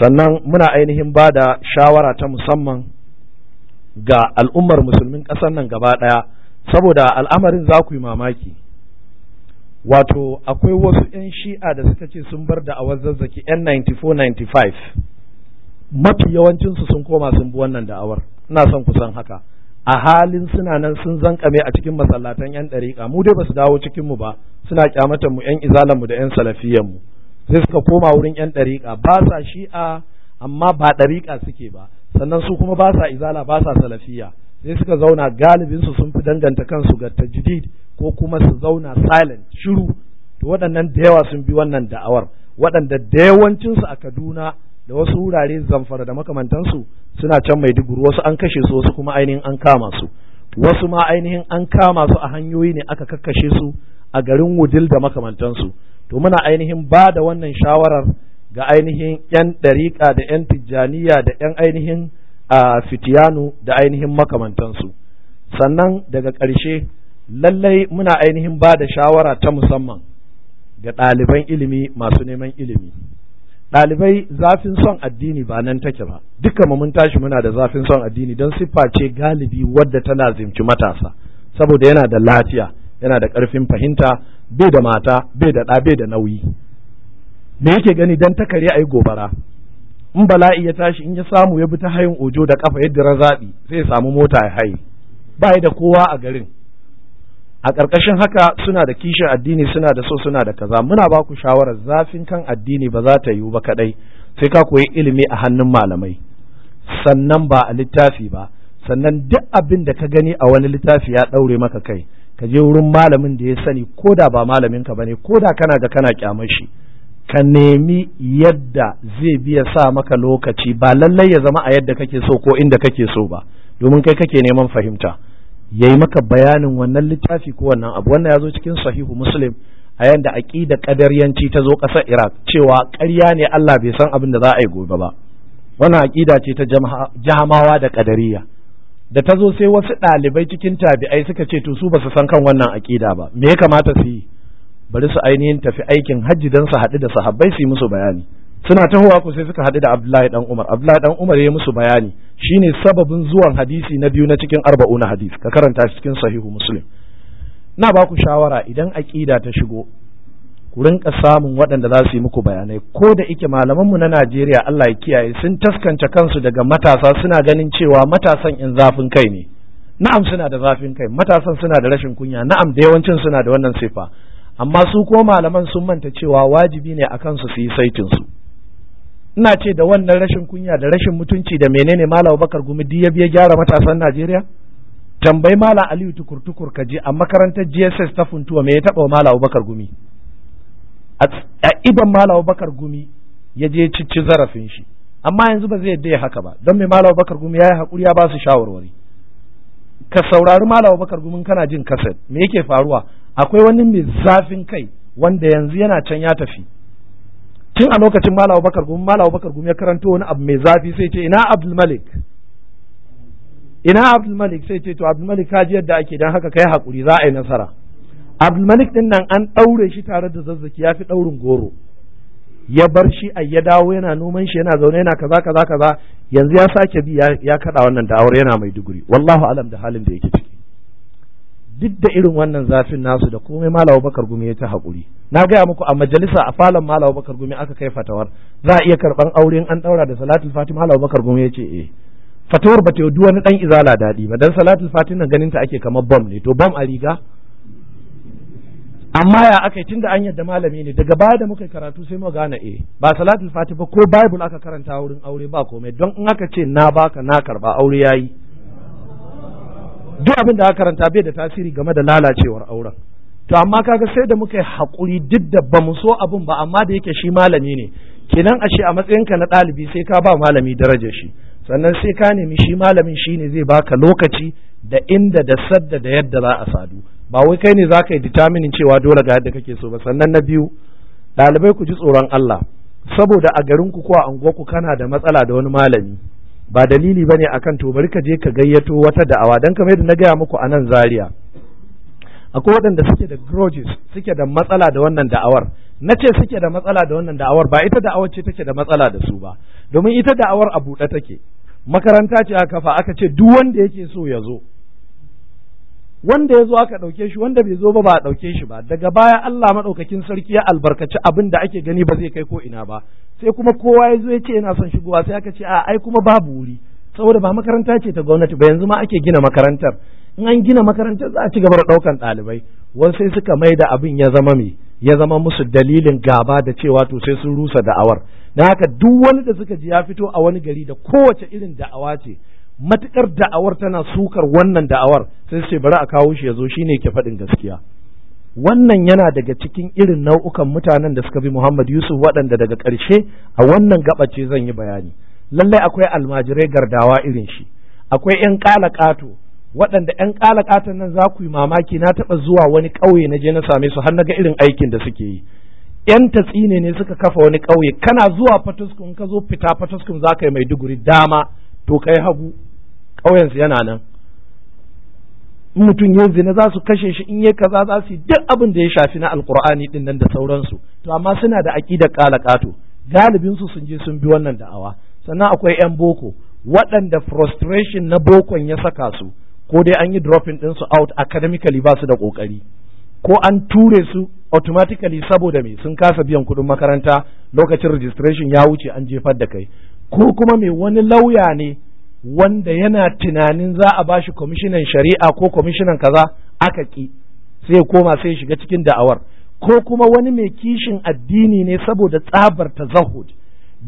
sannan muna ainihin ba da shawara ta musamman ga al'ummar musulmin ƙasar nan gaba ɗaya saboda al'amarin za ku yi mamaki wato akwai wasu 'yan shi'a da suka ce sun bar da awar zazzaki 'yan 94-95 mafi yawancinsu sun koma sun bi wannan da'awar ina son ku san haka a halin suna nan sun zankame a cikin masallatan 'yan ɗariƙa mu dai ba su dawo cikinmu ba suna kyamatan mu 'yan izalanmu da 'yan salafiyanmu sai suka koma wurin 'yan ɗariƙa ba sa shi'a amma ba ɗariƙa suke ba sannan su kuma ba sa izala ba sa salafiya sai suka zauna galibinsu sun fi danganta kansu ga tajdid ko kuma su zauna silent shiru to waɗannan da yawa sun bi wannan da'awar waɗanda da yawancinsu a Kaduna da wasu wurare zamfara da makamantansu suna can mai Maiduguri wasu an kashe su wasu kuma ainihin an kama su wasu ma ainihin an kama su a hanyoyi ne aka kakkashe su a garin Wudil da makamantansu to muna ainihin ba da wannan shawarar ga ainihin 'yan ɗariƙa da 'yan tijjaniya da 'yan ainihin a fitiyanu da ainihin makamantansu sannan daga ƙarshe lallai muna ainihin ba da shawara ta musamman ga ɗaliban ilimi masu neman ilimi ɗalibai zafin son addini ba nan take ba duka mun tashi muna da zafin son addini don siffa ce galibi wadda ta lazimci matasa saboda yana da lafiya yana da ƙarfin fahimta bai da mata bai da ɗa bai da nauyi me yake gani don ta kare a yi gobara in bala'i ya tashi in ya samu ya bi ta hayin ojo da kafa yadda zaɓi sai ya samu mota ya haye ba da kowa a garin a ƙarƙashin haka suna da kishin addini suna da so suna da kaza muna ba ku shawarar zafin kan addini ba za ta yiwu ba kaɗai sai ka koyi ilimi a hannun malamai sannan ba a littafi ba sannan duk abin da ka gani a wani littafi ya ɗaure maka kai ka je wurin malamin da ya sani ko da ba malamin ka bane ko da kana ga kana kyamar shi ka nemi yadda zai biya sa maka lokaci ba lallai ya zama a yadda kake so ko inda kake so ba domin kai kake neman fahimta yayi maka bayanin wannan littafi ko wannan abu wannan ya zo cikin sahihu muslim a yanda aqida ƙadaryanci ta zo ƙasar iraq cewa ƙarya ne allah bai san abin da za a yi gobe ba wannan aƙida ce ta jahamawa da ƙadariya da ta zo sai wasu ɗalibai cikin tabi'ai suka ce to su ba su san kan wannan aƙida ba me ya kamata su yi bari su ainihin tafi aikin hajji dan su haɗu da sahabbai su yi musu bayani suna tahowa ku sai suka haɗu da Abdullahi dan Umar Abdullahi dan Umar ya musu bayani shine sababin zuwan hadisi na biyu na cikin na hadis ka karanta cikin sahihu muslim na ba ku shawara idan aqida ta shigo ku rinka samun waɗanda za su yi muku bayanai ko da ike mu na Najeriya Allah ya kiyaye sun taskance kansu daga matasa suna ganin cewa matasan in zafin kai ne na'am suna da zafin kai matasan suna da rashin kunya na'am da yawancin suna da wannan sifa amma su ko malaman sun manta cewa wajibi ne a kansu su yi saitin su ina ce da wannan rashin kunya da rashin mutunci da menene malam bakar gumi duk ya biya gyara matasan najeriya tambayi malam aliyu tukur tukur ka je a makarantar gss ta funtuwa me ya taba malam bakar gumi a iban malam bakar gumi ya je cici zarafin shi amma yanzu ba zai yadda ya haka ba don me malam bakar gumi ya yi hakuri ya ba su shawarwari ka saurari malam bakar gumin kana jin kaset me yake faruwa akwai wani mai zafin kai wanda yanzu yana can ya tafi tun a lokacin malawa bakar gumi malawa bakar gumi ya karanto wani abu mai zafi sai ce ina abdul malik ina abdul sai ce to abdul malik kaji yadda ake dan haka kai hakuri za a yi nasara abdul malik din nan an ɗaure shi tare da zazzaki ya fi daurin goro ya bar shi a ya dawo yana noman shi yana zaune yana kaza kaza kaza yanzu ya sake bi ya kada wannan da'awar yana mai duguri wallahu alam da halin da yake ciki duk da irin wannan zafin nasu da komai malawa bakar gumi ya ta haƙuri na gaya muku a majalisa a falon malawa bakar gumi aka kai fatawar za a iya karɓan aure an ɗaura da salatul fati malawa bakar gumi ya ce eh fatawar ba ta yi wani ɗan izala daɗi ba dan salatul fati nan ganin ta ake kamar bom ne to bom a riga amma ya aka tun da an yadda malami ne daga baya da muka yi karatu sai mu gane eh ba salatul fati ba ko bible aka karanta wurin aure ba komai don in aka ce na baka na karba aure yayi duk abin da aka karanta bai da tasiri game da lalacewar auren to amma kaga sai da muka yi haƙuri duk da bamu so abin ba amma da yake shi malami ne kenan ashe a matsayinka na ɗalibi sai ka ba malami darajar shi sannan sai ka nemi shi malamin shi ne zai baka lokaci da inda da sadda da yadda za a sadu ba wai kai ne za ka yi determining cewa dole ga yadda kake so ba sannan na biyu ɗalibai ku ji tsoron Allah saboda a garinku ko a unguwarku kana da matsala da wani malami ba dalili ba ne akan to bari ka je ka gayyato wata da'awa don kamar yadda na gaya muku a nan zaria akwai waɗanda suke da grudges suke da matsala da wannan da'awar na ce suke da matsala da wannan da'awar ba ita da'awar ce take da matsala da su ba domin ita da'awar a buɗe take makaranta ce aka kafa aka ce duk wanda yake so ya zo wanda ya zo aka ɗauke shi wanda bai zo ba ba a ɗauke shi ba daga baya Allah maɗaukakin sarki ya albarkaci abin da ake gani ba zai kai ko ina ba sai kuma kowa ya zo ya ce yana son shigowa sai aka ce a ai kuma babu wuri saboda ba makaranta ce ta gwamnati ba yanzu ma ake gina makarantar in an gina makarantar za a ci gaba da ɗaukan ɗalibai wani sai suka mai da abin ya zama me ya zama musu dalilin gaba da cewa to sai sun rusa da'awar don haka duk wani da suka ji ya fito a wani gari da kowace irin da'awa ce matukar da'awar tana sukar wannan da'awar sai sai bari a kawo shi ya zo shine ke faɗin gaskiya wannan yana daga cikin irin nau'ukan mutanen da suka bi Muhammad Yusuf waɗanda daga ƙarshe a wannan gabace zan yi bayani lallai akwai almajirai gardawa irin shi akwai 'yan ƙato waɗanda 'yan ƙaton nan za ku yi mamaki na taɓa zuwa wani ƙauye na je na same su har na ga irin aikin da suke yi 'yan tatsine ne suka kafa wani ƙauye kana zuwa fatuskum ka zo fita fatuskum za ka yi maiduguri dama to kai hagu ƙauyensu yana nan in mutum ya zina za su kashe shi in ya kaza za su yi duk abin da ya shafi na alkur'ani din nan da sauransu to amma suna da aƙidar ƙala ƙato galibin su sun je sun bi wannan da'awa sannan akwai yan boko waɗanda frustration na bokon ya saka su ko dai an yi dropping ɗinsu out academically ba su da ƙoƙari ko an ture su automatically saboda me sun kasa biyan kuɗin makaranta lokacin registration ya wuce an jefar da kai ko kuma me wani lauya ne wanda yana tunanin za a bashi kwamishinan shari'a ko kwamishinan kaza aka ki sai koma sai shiga cikin da'awar ko kuma wani mai kishin addini ne saboda tsabar tazahud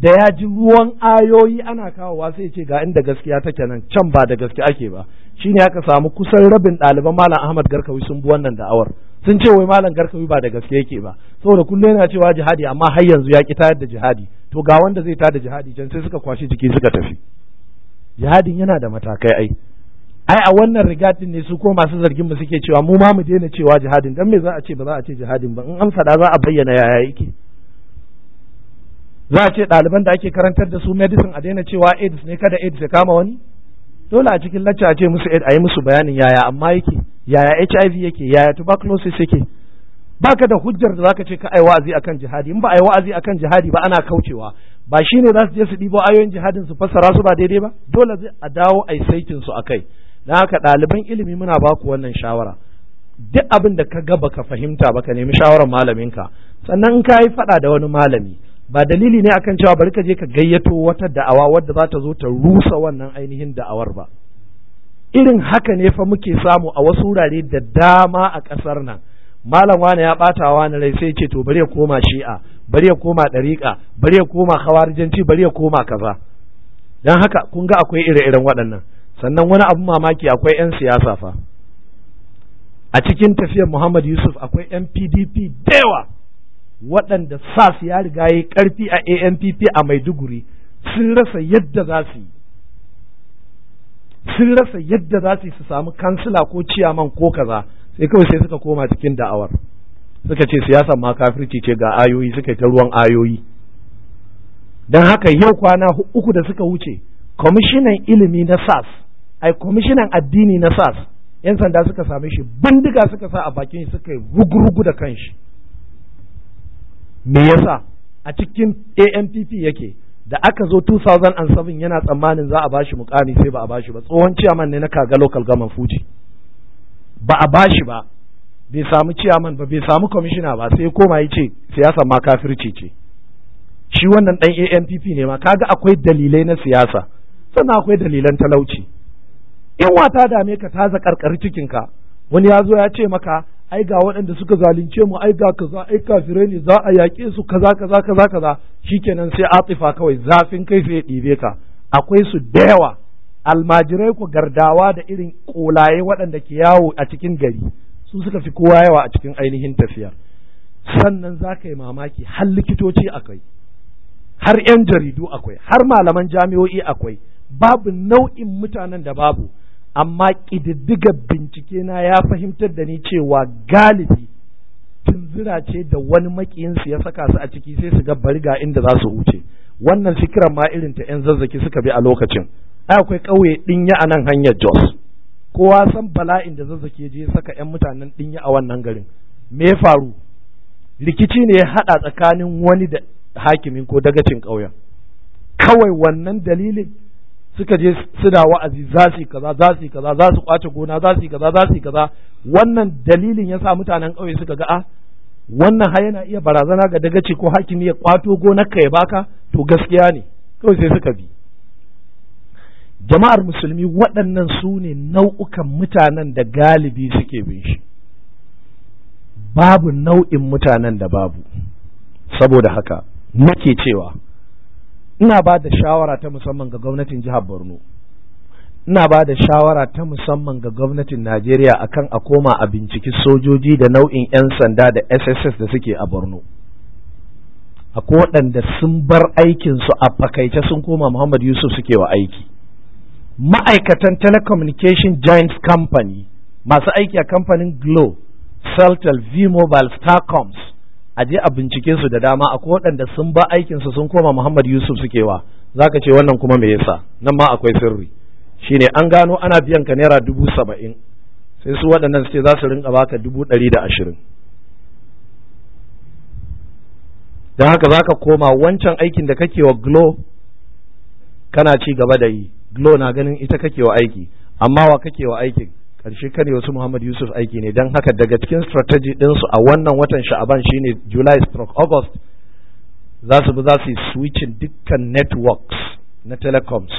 da ya ji ruwan ayoyi ana kawowa sai ce ga inda gaskiya take nan can ba da gaske ake ba shine aka samu kusan rabin ɗaliban malam Ahmad Garkawi sun bi wannan da'awar sun ce wai malam Garkawi ba da gaske yake ba saboda kullum yana cewa jihadi amma har yanzu ya ki tayar da jihadi to ga wanda zai tayar da jihadi can sai suka kwashi jiki suka tafi jihadin yana da matakai ai ai a wannan rigatin ne su ko masu zargin mu suke cewa mu ma mu daina cewa jihadin dan me za a ce ba za a ce jihadin ba in an faɗa za a bayyana yaya yake za a ce ɗaliban da ake karantar da su medicine a daina cewa aids ne kada aids ya kama wani dole a cikin lacca a ce musu aids a yi musu bayanin yaya amma yake yaya hiv yake yaya tuberculosis yake baka da hujjar da zaka ce ka ai wa'azi akan jihadi in ba ai wa'azi akan jihadi ba ana kaucewa ba shi ne za su je su ɗibo ayoyin jihadin su fassara su ba daidai ba dole zai a dawo a yi su a kai don haka ɗaliban ilimi muna ba ku wannan shawara duk abin da ka gaba ka fahimta ba ka nemi shawarar malaminka sannan in ka yi faɗa da wani malami ba dalili ne akan cewa bari ka je ka gayyato wata da'awa wadda za ta zo ta rusa wannan ainihin da'awar ba irin haka ne fa muke samu a wasu wurare da dama a ƙasar nan malam wani ya ɓata wani rai sai ce to bari ya koma shi'a bari ya koma ɗariƙa bari ya koma hawarijanci bari ya koma kaza don haka kun ga akwai ire-iren waɗannan sannan wani abu mamaki akwai 'yan siyasa fa a cikin tafiyar muhammad yusuf akwai 'yan pdp da yawa waɗanda sas ya riga yi ƙarfi a anpp a maiduguri sun rasa yadda za su yi sun rasa yadda za su yi su samu kansila ko ciyaman ko kaza sai kawai sai suka koma cikin da'awar suka ce siyasa ma kafirci ce ga ayoyi suka ta ruwan ayoyi don haka yau kwana uku da suka wuce kwamishinan ilimi na sas ai kwamishinan addini na sas yan sanda suka same shi bindiga suka sa a bakin shi suka yi rugurugu da kanshi me yasa a cikin ANPP yake da aka zo 2007 yana tsammanin za a bashi mukami sai ba a bashi ba tsohon ciyaman ne na kaga local government fuji ba a bashi ba bai samu ciyaman ba bai samu kwamishina ba sai koma ya ce siyasa ma kafirci ce shi wannan dan ANPP ne ma kaga akwai dalilai na siyasa sannan akwai dalilan talauci in wata dame ka ta cikin cikinka wani ya zo ya ce maka ai ga waɗanda suka zalunce mu ai ga kaza ai kafirai ne za a yaƙe su kaza kaza kaza kaza shikenan sai atifa kawai zafin kai sai ya ɗibe ka akwai su da almajirai ku gardawa da irin kolaye waɗanda ke yawo a cikin gari su suka fi kowa yawa a cikin ainihin tafiyar sannan za ka yi mamaki har likitoci akwai har 'yan jaridu akwai har malaman jami'o'i akwai babu nau'in mutanen da babu amma ƙididdigar bincike na ya fahimtar da ni cewa galibi tunzura ce da wani maƙiyinsu ya saka su a ciki sai su ga bari ga inda za su huce wannan fikiran ma irin ta 'yan zazzaki suka bi a lokacin ai akwai ƙauye ɗinya a nan hanyar jos kowa san bala'in da zazzake je saka yan mutanen dinya a wannan garin me ya faru rikici ne ya haɗa tsakanin wani da hakimin ko dagacin ƙauyen kawai wannan dalilin suka je suna wa'azi za su kaza za su kaza za su kwace gona za su kaza za su kaza wannan dalilin ya sa mutanen ƙauye suka ga a wannan har yana iya barazana ga dagaci ko hakimi ya kwato gonar ka ya baka to gaskiya ne kawai sai suka bi jama'ar musulmi waɗannan su ne nau'ukan mutanen da galibi suke bin shi babu nau'in mutanen da babu saboda haka nake cewa ina ba da shawara ta musamman ga gwamnatin jihar borno ina ba da shawara ta musamman ga gwamnatin najeriya akan a koma a binciki sojoji da nau'in 'yan sanda da sss da suke a borno akwai waɗanda sun bar aikinsu a fakaice sun koma muhammad yusuf suke wa aiki ma'aikatan telecommunication giant company masu aiki a kamfanin glo celtel v-mobile starcoms a je a bincike su da dama akwai waɗanda sun ba aikinsu sun koma muhammad yusuf suke wa za ka ce wannan kuma me yasa nan ma akwai sirri shine an gano ana biyan ka naira dubu saba'in sai su waɗannan su ce za su rinka baka dubu ɗari da ashirin don haka za ka koma wancan aikin da kake wa glo kana ci gaba da yi lo na ganin ita kake wa aiki amma wa kake wa aikin karshe kan wasu Muhammad Yusuf aiki ne don haka daga cikin strategy ɗinsu a wannan watan sha'aban shine July stroke August za su bi za su yi switching dukkan networks na telecoms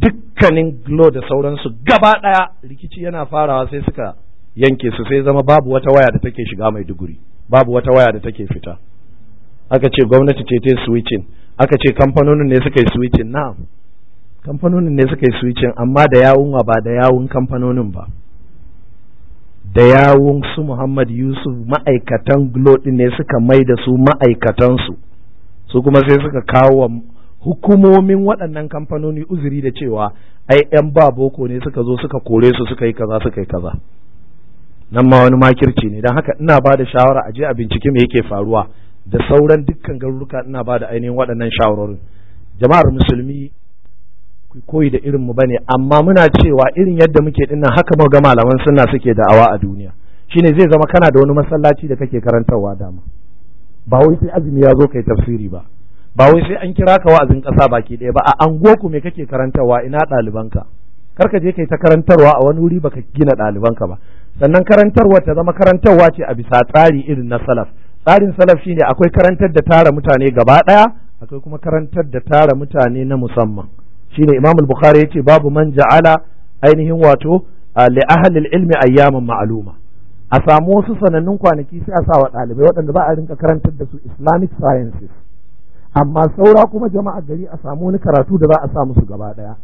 dukkanin glo da sauransu gaba ɗaya rikici yana farawa sai suka yanke su sai zama babu wata waya da take shiga mai duguri babu wata waya da take fita aka ce gwamnati ce ta switching aka ce kamfanonin ne suka yi switching na'am kamfanonin ne suka yi switching amma da yawun ba da yawun kamfanonin ba da yawun su Muhammad Yusuf ma'aikatan Glo din ne suka mai da su ma'aikatansu su kuma sai suka kawo hukumomin waɗannan kamfanoni uzuri da cewa ai 'yan ba boko ne suka zo suka kore su suka yi kaza suka yi kaza nan ma wani makirci ne don haka ina bada shawara a je a bincike me yake faruwa da sauran dukkan garuruka ina bada ainihin waɗannan shawarorin jama'ar musulmi ku koyi da irinmu mu bane amma muna cewa irin yadda muke dinnan haka mu ga malaman suna suke da awa a duniya Shi ne zai zama kana da wani masallaci da kake karantarwa dama ba wai sai azumi ya zo kai tafsiri ba ba wai sai an kira ka wa'azin ƙasa baki ɗaya ba a ku me kake karantarwa ina ɗalibanka kar ka je kai ta karantarwa a wani wuri baka gina ɗalibanka ba sannan karantarwa ta zama karantarwa ce a bisa tsari irin na salaf tsarin salaf ne akwai karantar da tara mutane gaba ɗaya akwai kuma karantar da tara mutane na musamman shine Imam al-Bukhari yace babu man ja'ala ainihin wato li ahli al-ilmi ayyaman ma'luma a samu wasu sanannun kwanaki sai a sa wa ɗalibai waɗanda za a rinka karantar da su Islamic sciences amma saura kuma jama'a gari a samu wani karatu da za a sa musu gaba ɗaya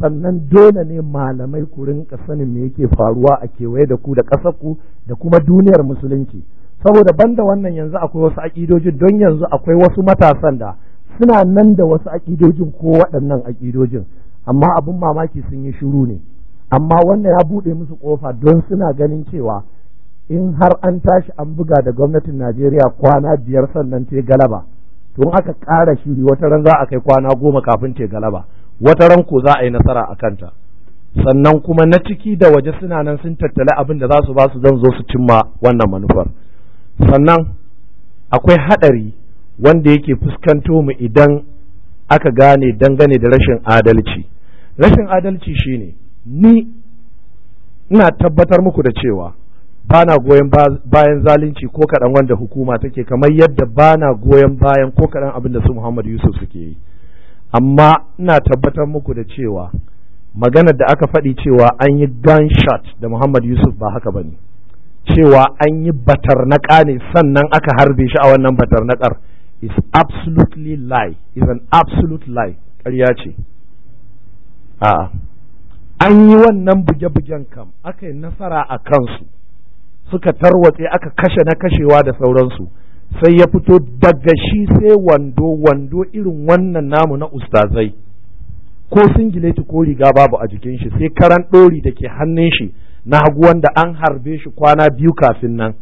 sannan dole ne malamai ku rinka sanin me yake faruwa a kewaye da ku da ƙasar ku da kuma duniyar musulunci saboda banda wannan yanzu akwai wasu aƙidojin don yanzu akwai wasu matasan da suna nan da wasu aƙidojin ko waɗannan aƙidojin amma abin mamaki sun yi shuru ne amma wannan ya buɗe musu ƙofa don suna ganin cewa in har an tashi an buga da gwamnatin najeriya kwana biyar sannan ce galaba tun aka ƙara shiri wata ran za a kai kwana goma kafin ce galaba wata ran ko za a yi nasara a kanta sannan kuma na ciki da waje suna nan sun tattali abin da za su ba su zan zo su cimma wannan manufar sannan akwai haɗari wanda yake fuskanto mu idan aka gane dangane da rashin adalci rashin adalci shine ni ina tabbatar muku da cewa ba na goyon bayan zalunci ko kaɗan wanda hukuma take kamar yadda bana na goyon bayan ko kaɗan abin da su Muhammad Yusuf suke yi amma ina tabbatar muku da cewa maganar da aka faɗi cewa an yi gunshot da Muhammad Yusuf ba haka ba ne cewa an yi batarnaƙa ne sannan aka harbe shi a wannan batarnakar. is absolutely lie is an absolute lie ƙarya ce a'a an yi wannan buge-bugen kam aka yi nasara a kansu suka tarwatse aka kashe na kashewa da sauransu sai ya fito daga shi sai wando wando irin wannan namu na ustazai ko singileti ko riga babu a jikin shi sai karan ɗori da ke hannun shi na hagu wanda an harbe shi kwana biyu kafin nan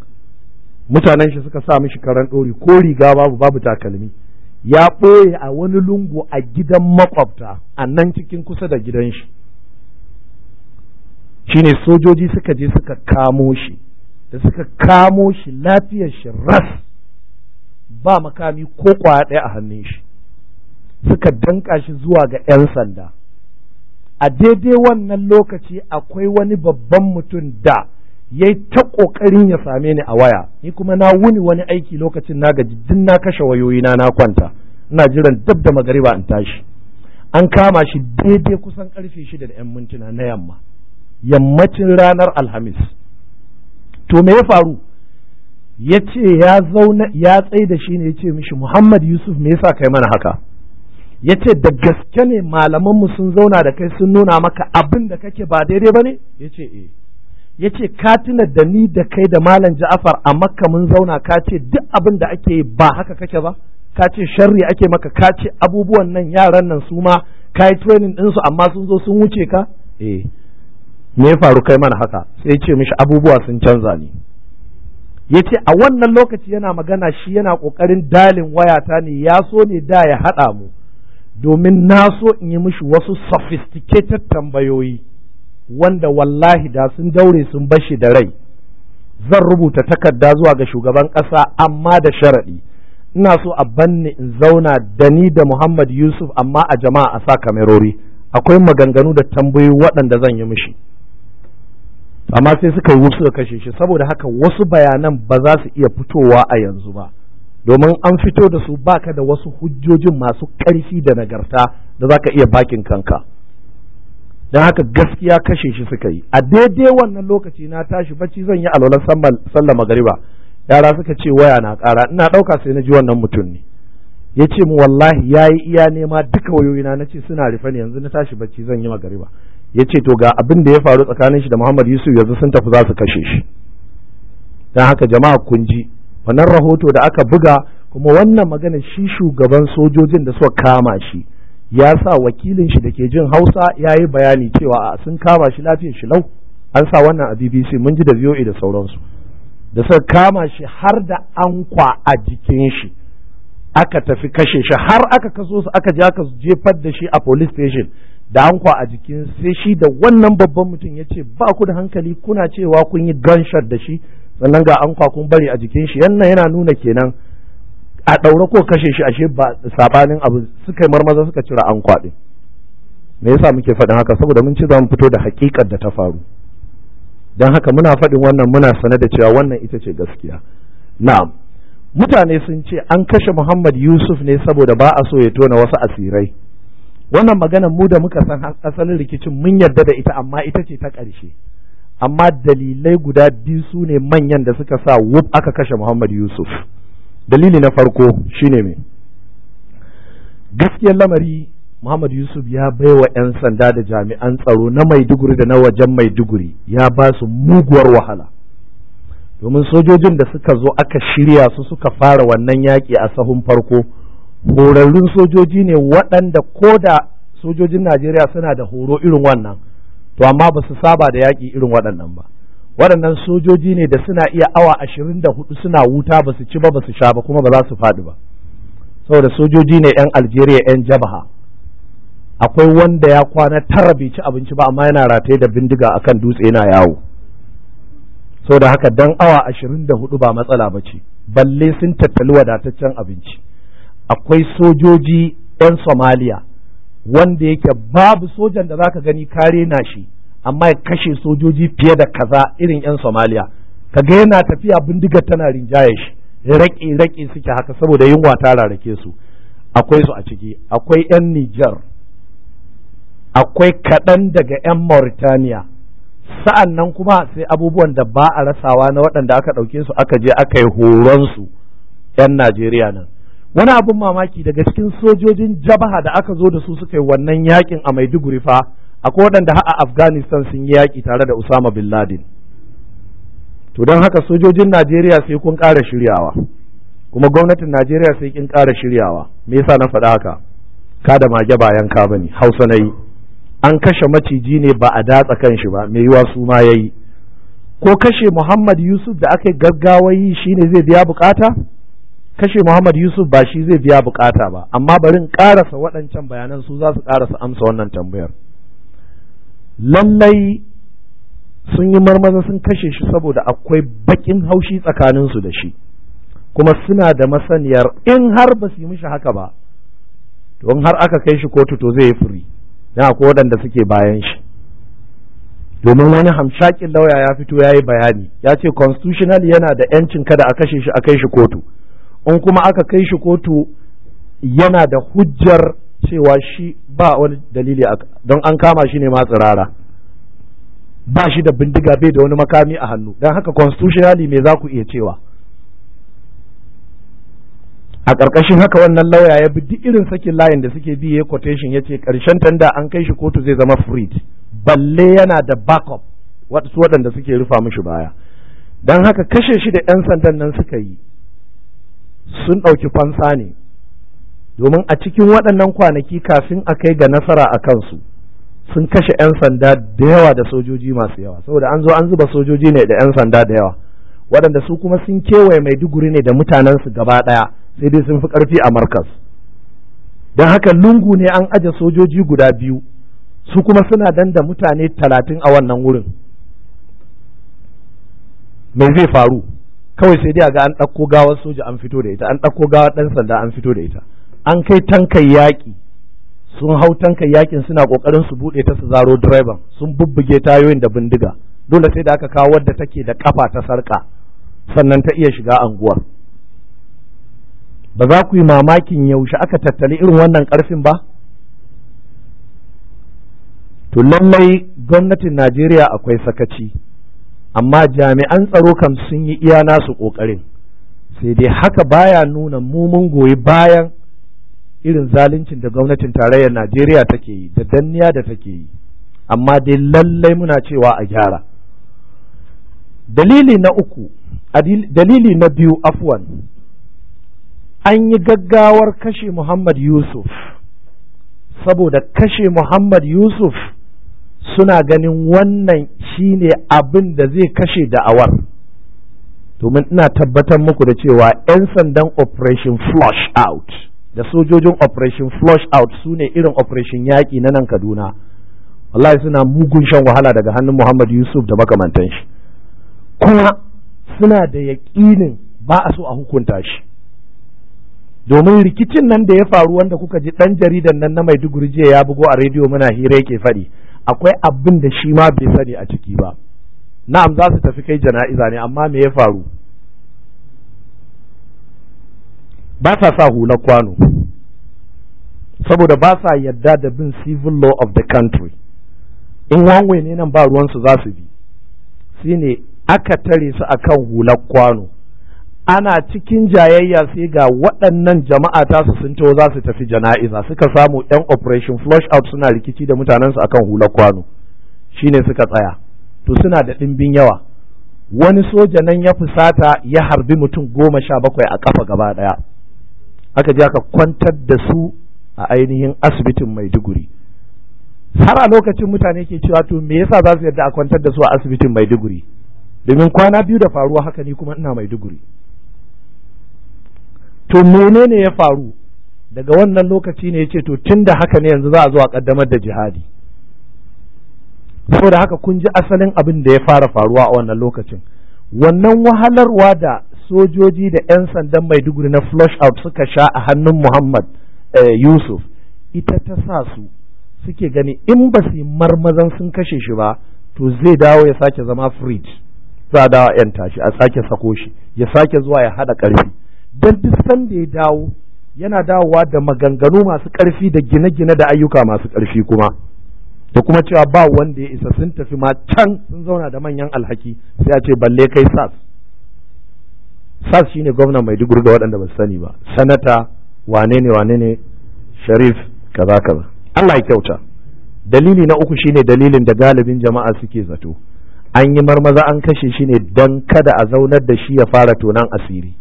mutanen shi suka sa mishi karan ɗori ko riga babu babu takalmi ya ɓoye a wani lungu a gidan makwabta a nan cikin kusa da gidan shi shine sojoji suka je suka kamo shi da suka kamo shi lafiyar shi ras ba makami ko kwaya ɗaya a hannun shi suka danka shi zuwa ga 'yan sanda a daidai wannan lokaci akwai wani babban mutum da ya yi ta ƙoƙarin ya same ni a waya ni kuma na wuni wani aiki lokacin na gaji duk na kashe wayoyina na kwanta ina jiran dab da magariba in tashi an kama shi daidai kusan karfe shida da 'yan mintuna na yamma yammacin ranar alhamis to me ya faru ya ce ya zauna ya tsaye da shi ne ya ce mishi muhammad yusuf me yasa kai mana haka ya ce da gaske ne malamanmu sun zauna da kai sun nuna maka abin da kake ba daidai ba ne ya ce eh ya ce ka tuna da ni da kai da malam ja'afar a makka mun zauna ka ce duk abin da ake yi ba haka kake ba ka ce sharri ake maka ka ce abubuwan nan yaran nan su ma ka yi training ɗinsu amma sun zo sun wuce ka eh me ya faru kai mana haka sai ce mishi abubuwa sun canza ni ya ce a wannan lokaci yana magana shi yana ƙoƙarin dalin wayata ne ya so ne da ya haɗa mu domin na so in yi mishi wasu sophisticated tambayoyi wanda wallahi da sun daure sun bashi da rai zan rubuta takarda zuwa ga shugaban ƙasa amma da sharaɗi ina so a banne in zauna da ni da Muhammad Yusuf amma a jama'a a sa kamerori akwai maganganu da tambayoyi waɗanda zan yi mishi amma sai suka yi da kashe shi saboda haka wasu bayanan ba za su iya fitowa a yanzu ba domin an fito da su baka da wasu hujjojin masu ƙarfi da nagarta da za ka iya bakin kanka. don haka gaskiya kashe shi suka yi a daidai wannan lokaci na tashi bacci zan yi alwalar sallar magariba yara suka ce waya na ƙara ina ɗauka sai na ji wannan mutum ne ya ce mu wallahi ya yi iya nema duka wayoyina na ce suna rufe ne yanzu na tashi bacci zan yi magariba ya ce to ga abin da ya faru tsakanin shi da muhammad yusuf yanzu sun tafi za su kashe shi don haka jama'a kun ji wannan rahoto da aka buga kuma wannan magana shi shugaban sojojin da suka kama shi ya sa wakilin shi da ke jin hausa ya yi bayani cewa a sun kama shi lafiyar shi lau an sa wannan a bbc mun ji da voa da sauransu da suka kama shi har da ankwa a jikin shi aka tafi kashe shi har aka kaso su aka je aka jefar da shi a police station da ankwa a jikin sai shi da wannan babban mutum ya ce ba ku da hankali kuna cewa kun yi gunshot da shi sannan ga ankwa kun bari a jikin shi yannan yana nuna kenan a ɗaure ko kashe shi ashe ba sabanin abu suka yi marmaza suka cira an kwaɗe me yasa muke faɗin haka saboda mun ci za mu fito da haƙiƙar da ta faru don haka muna faɗin wannan muna sane da cewa wannan ita ce gaskiya na'am mutane sun ce an kashe Muhammad Yusuf ne saboda ba a so ya tona wasu asirai wannan magana mu da muka san asalin rikicin mun yarda da ita amma ita ce ta ƙarshe amma dalilai guda biyu su ne manyan da suka sa wuf aka kashe Muhammad Yusuf dalili na farko shine me gaskiyar lamari Muhammad Yusuf ya bai wa 'yan sanda da jami'an tsaro na Maiduguri da na wajen Maiduguri ya ba su muguwar wahala domin sojojin da suka zo aka shirya su suka fara wannan yaƙi a sahun farko horarrun sojoji ne waɗanda ko da sojojin Najeriya suna da horo irin wannan to amma ba su saba da yaƙi irin waɗannan ba waɗannan sojoji ne da suna iya awa ashirin da hudu suna wuta ba su ci ba ba su sha ba kuma ba za su faɗi ba saboda sojoji ne 'yan algeria 'yan jabaha akwai wanda ya kwana tara bai ci abinci ba amma yana rataye da bindiga akan dutse yana yawo saboda haka dan awa ashirin da hudu ba matsala ba ce balle sun tattali wadataccen abinci akwai sojoji 'yan somaliya wanda yake babu sojan da zaka gani kare na shi amma ya kashe sojoji fiye da kaza irin 'yan somaliya ga yana tafiya bindigar tana rinjaye shi raƙi raƙi suke haka saboda yunwa ta rarake su akwai su a ciki akwai 'yan Niger, akwai kaɗan daga 'yan Mauritania. sa'an nan kuma sai abubuwan da ba a rasawa na waɗanda aka ɗauke su aka je aka yi su. 'yan najeriya nan wani abin mamaki daga cikin sojojin jabaha da aka zo da su suka yi wannan yakin a maiduguri fa akwai waɗanda a afghanistan sun yi yaƙi tare da usama bin ladin to don haka sojojin najeriya sai kun ƙara shiryawa kuma gwamnatin najeriya sai kin ƙara shiryawa me yasa na faɗa haka ka da mage ba yanka bane hausa na yi an kashe maciji ne ba a datsa kan shi ba me yiwa su ma ya yi? ko kashe muhammad yusuf da aka gaggawa yi shine zai biya bukata kashe Muhammad Yusuf ba shi zai biya bukata ba amma bari in karasa waɗancan bayanan su za su karasa amsa wannan tambayar lallai sun yi marmaza sun kashe shi saboda akwai bakin haushi tsakaninsu da shi kuma suna da masaniyar in har ba su yi mishi haka ba to in har aka kai shi kotu to zai yi furi don akwai waɗanda suke bayan shi domin wani hamshakin lauya ya fito ya yi bayani ya ce constitutional yana da yancin kada a kashe shi a kai shi kotu in kuma aka kai shi kotu yana da hujjar cewa shi ba wani dalili don an kama shi ne ma tsirara ba shi da bindiga bai da wani makami a hannu don haka constitutionally me za ku iya cewa a ƙarƙashin haka wannan lauya ya bi duk irin sakin layin da suke bi ya quotation ya ce ƙarshen tanda an kai shi kotu zai zama freed balle yana da backup wasu waɗanda suke rufa mishi baya don haka kashe shi da 'yan sandan nan suka yi sun ɗauki fansa ne domin a cikin waɗannan kwanaki kafin a kai ga nasara a kansu sun kashe 'yan sanda da yawa da sojoji masu yawa saboda an zo an zuba sojoji ne da 'yan sanda da yawa waɗanda su kuma sun kewaye maiduguri ne da mutanensu gaba ɗaya sai dai sun fi ƙarfi a markas don haka lungu ne an aje sojoji guda biyu su kuma suna dan da mutane talatin a wannan wurin me zai faru kawai sai dai a ga an ɗauko gawar soja an fito da ita an ɗauko gawar ɗan sanda an fito da ita an kai tankan yaƙi sun hau tankan yaƙin suna ƙoƙarin su buɗe ta su zaro direban sun bubbuge tayoyin da bindiga dole sai da aka kawo wadda take da kafa ta sarƙa sannan ta iya shiga anguwar ba za ku yi mamakin yaushe aka tattali irin wannan ƙarfin ba to lallai gwamnatin najeriya akwai sakaci amma jami'an tsaro kam sun yi iya nasu ƙoƙarin sai dai haka baya nuna mumun goyi bayan irin zaluncin da gwamnatin tarayyar Najeriya take yi da danniya da take yi amma dai lallai muna cewa a gyara dalili na uku dalili na biyu afwan an yi gaggawar kashe Muhammad Yusuf saboda kashe Muhammad Yusuf suna ganin wannan shine abin da zai kashe da'awar domin ina tabbatar muku da cewa 'yan sandan operation flush out da sojojin operation flush out su ne irin operation yaƙi na nan kaduna wallahi suna mugun shan wahala daga hannun muhammad yusuf da makamantan shi kuma suna da yaƙinin ba a so a hukunta shi domin rikicin nan da ya faru wanda kuka ji ɗan jaridan nan na maiduguri jiya ya bugo a rediyo muna hira yake faɗi akwai abin da shi ma bai sani a ciki ba na'am za su tafi kai jana'iza ne amma me ya faru ba sa sa hular kwano saboda ba sa yadda da bin civil law of the country in wangwe ne nan ba ruwansu za su bi shi ne aka tare su akan hular kwano ana cikin jayayya sai ga waɗannan jama'a tasu sun taho za su tafi jana'iza suka samu 'yan operation flush out suna rikici da mutanensu akan hular kwano Shi ne suka tsaya to suna da ɗimbin yawa wani soja nan ya fusata ya harbi mutum goma sha bakwai a ƙafa gaba ɗaya aka je aka kwantar da su a ainihin asibitin maiduguri har a lokacin mutane ke cewa to me yasa za su yadda a kwantar da su a asibitin maiduguri domin kwana biyu da faruwa haka ni kuma ina maiduguri to menene ya faru daga wannan lokaci ne ya ce to tun da haka ne yanzu za a zo a kaddamar da jihadi saboda haka kun ji asalin abin da ya fara faruwa a wannan lokacin wannan wahalarwa da sojoji da 'yan sandan maiduguri na flush out suka sha a hannun muhammad eh, yusuf ita ta sa su suke gani in ba su yi marmazan sun kashe shi ba to zai dawo ya sake zama fridge za a dawo yan tashi a sake sako shi ya sake zuwa ya haɗa ƙarfi don duk sanda ya dawo yana dawowa da maganganu masu ƙarfi da gine-gine da ayyuka masu ƙarfi kuma da kuma cewa ba wanda ya isa sun tafi ma can sun zauna da manyan alhaki sai a ce balle kai sas sas gwamna mai duk ga waɗanda ba su sani ba sanata wane ne wane ne sharif kaza kaza Allah ya kyauta dalili na uku shine dalilin da galibin jama'a suke zato an yi marmaza an kashe shi ne don kada a zaunar da shi ya fara tonan asiri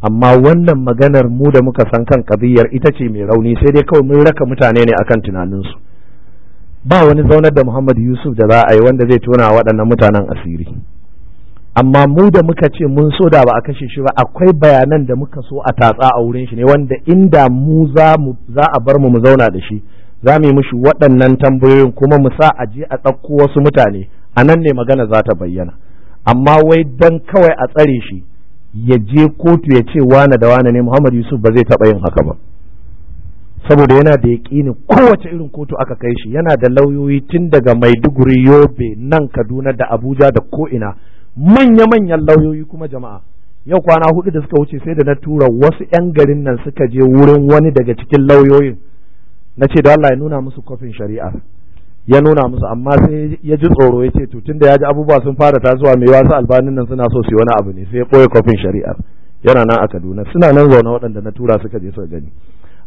amma wannan maganar mu da muka san kan kabiyar ita ce mai rauni sai dai kawai mun raka mutane ne akan tunaninsu ba wani zaunar da Muhammad Yusuf da za a yi wanda zai tona waɗannan mutanen asiri amma mu da muka ce mun so da ba a kashe shi ba akwai bayanan da muka so a tatsa a wurin shi ne wanda inda mu za a bar mu mu zauna da shi za mu yi mishi waɗannan tambayoyin kuma mu sa a je a tsakko wasu mutane a nan ne magana za ta bayyana amma wai dan kawai a tsare shi ya je kotu ya ce wane da wane ne Muhammad Yusuf ba zai taɓa yin haka ba saboda yana da yaƙini kowace irin kotu aka kai shi yana da lauyoyi tun daga Maiduguri Yobe nan Kaduna da Abuja da ko ina manya-manyan lauyoyi kuma jama'a yau kwana hudu da suka wuce sai da na tura wasu 'yan garin nan suka je wurin wani daga cikin lauyoyin na ce da Allah ya nuna musu kofin shari'ar ya nuna musu amma sai ya ji tsoro ya ce to da ya ji abubuwa sun fara tasowa mai wasu albanin nan suna so su wani abu ne sai ya ɓoye kofin shari'ar yana nan a Kaduna suna nan zaune waɗanda na tura suka je suka gani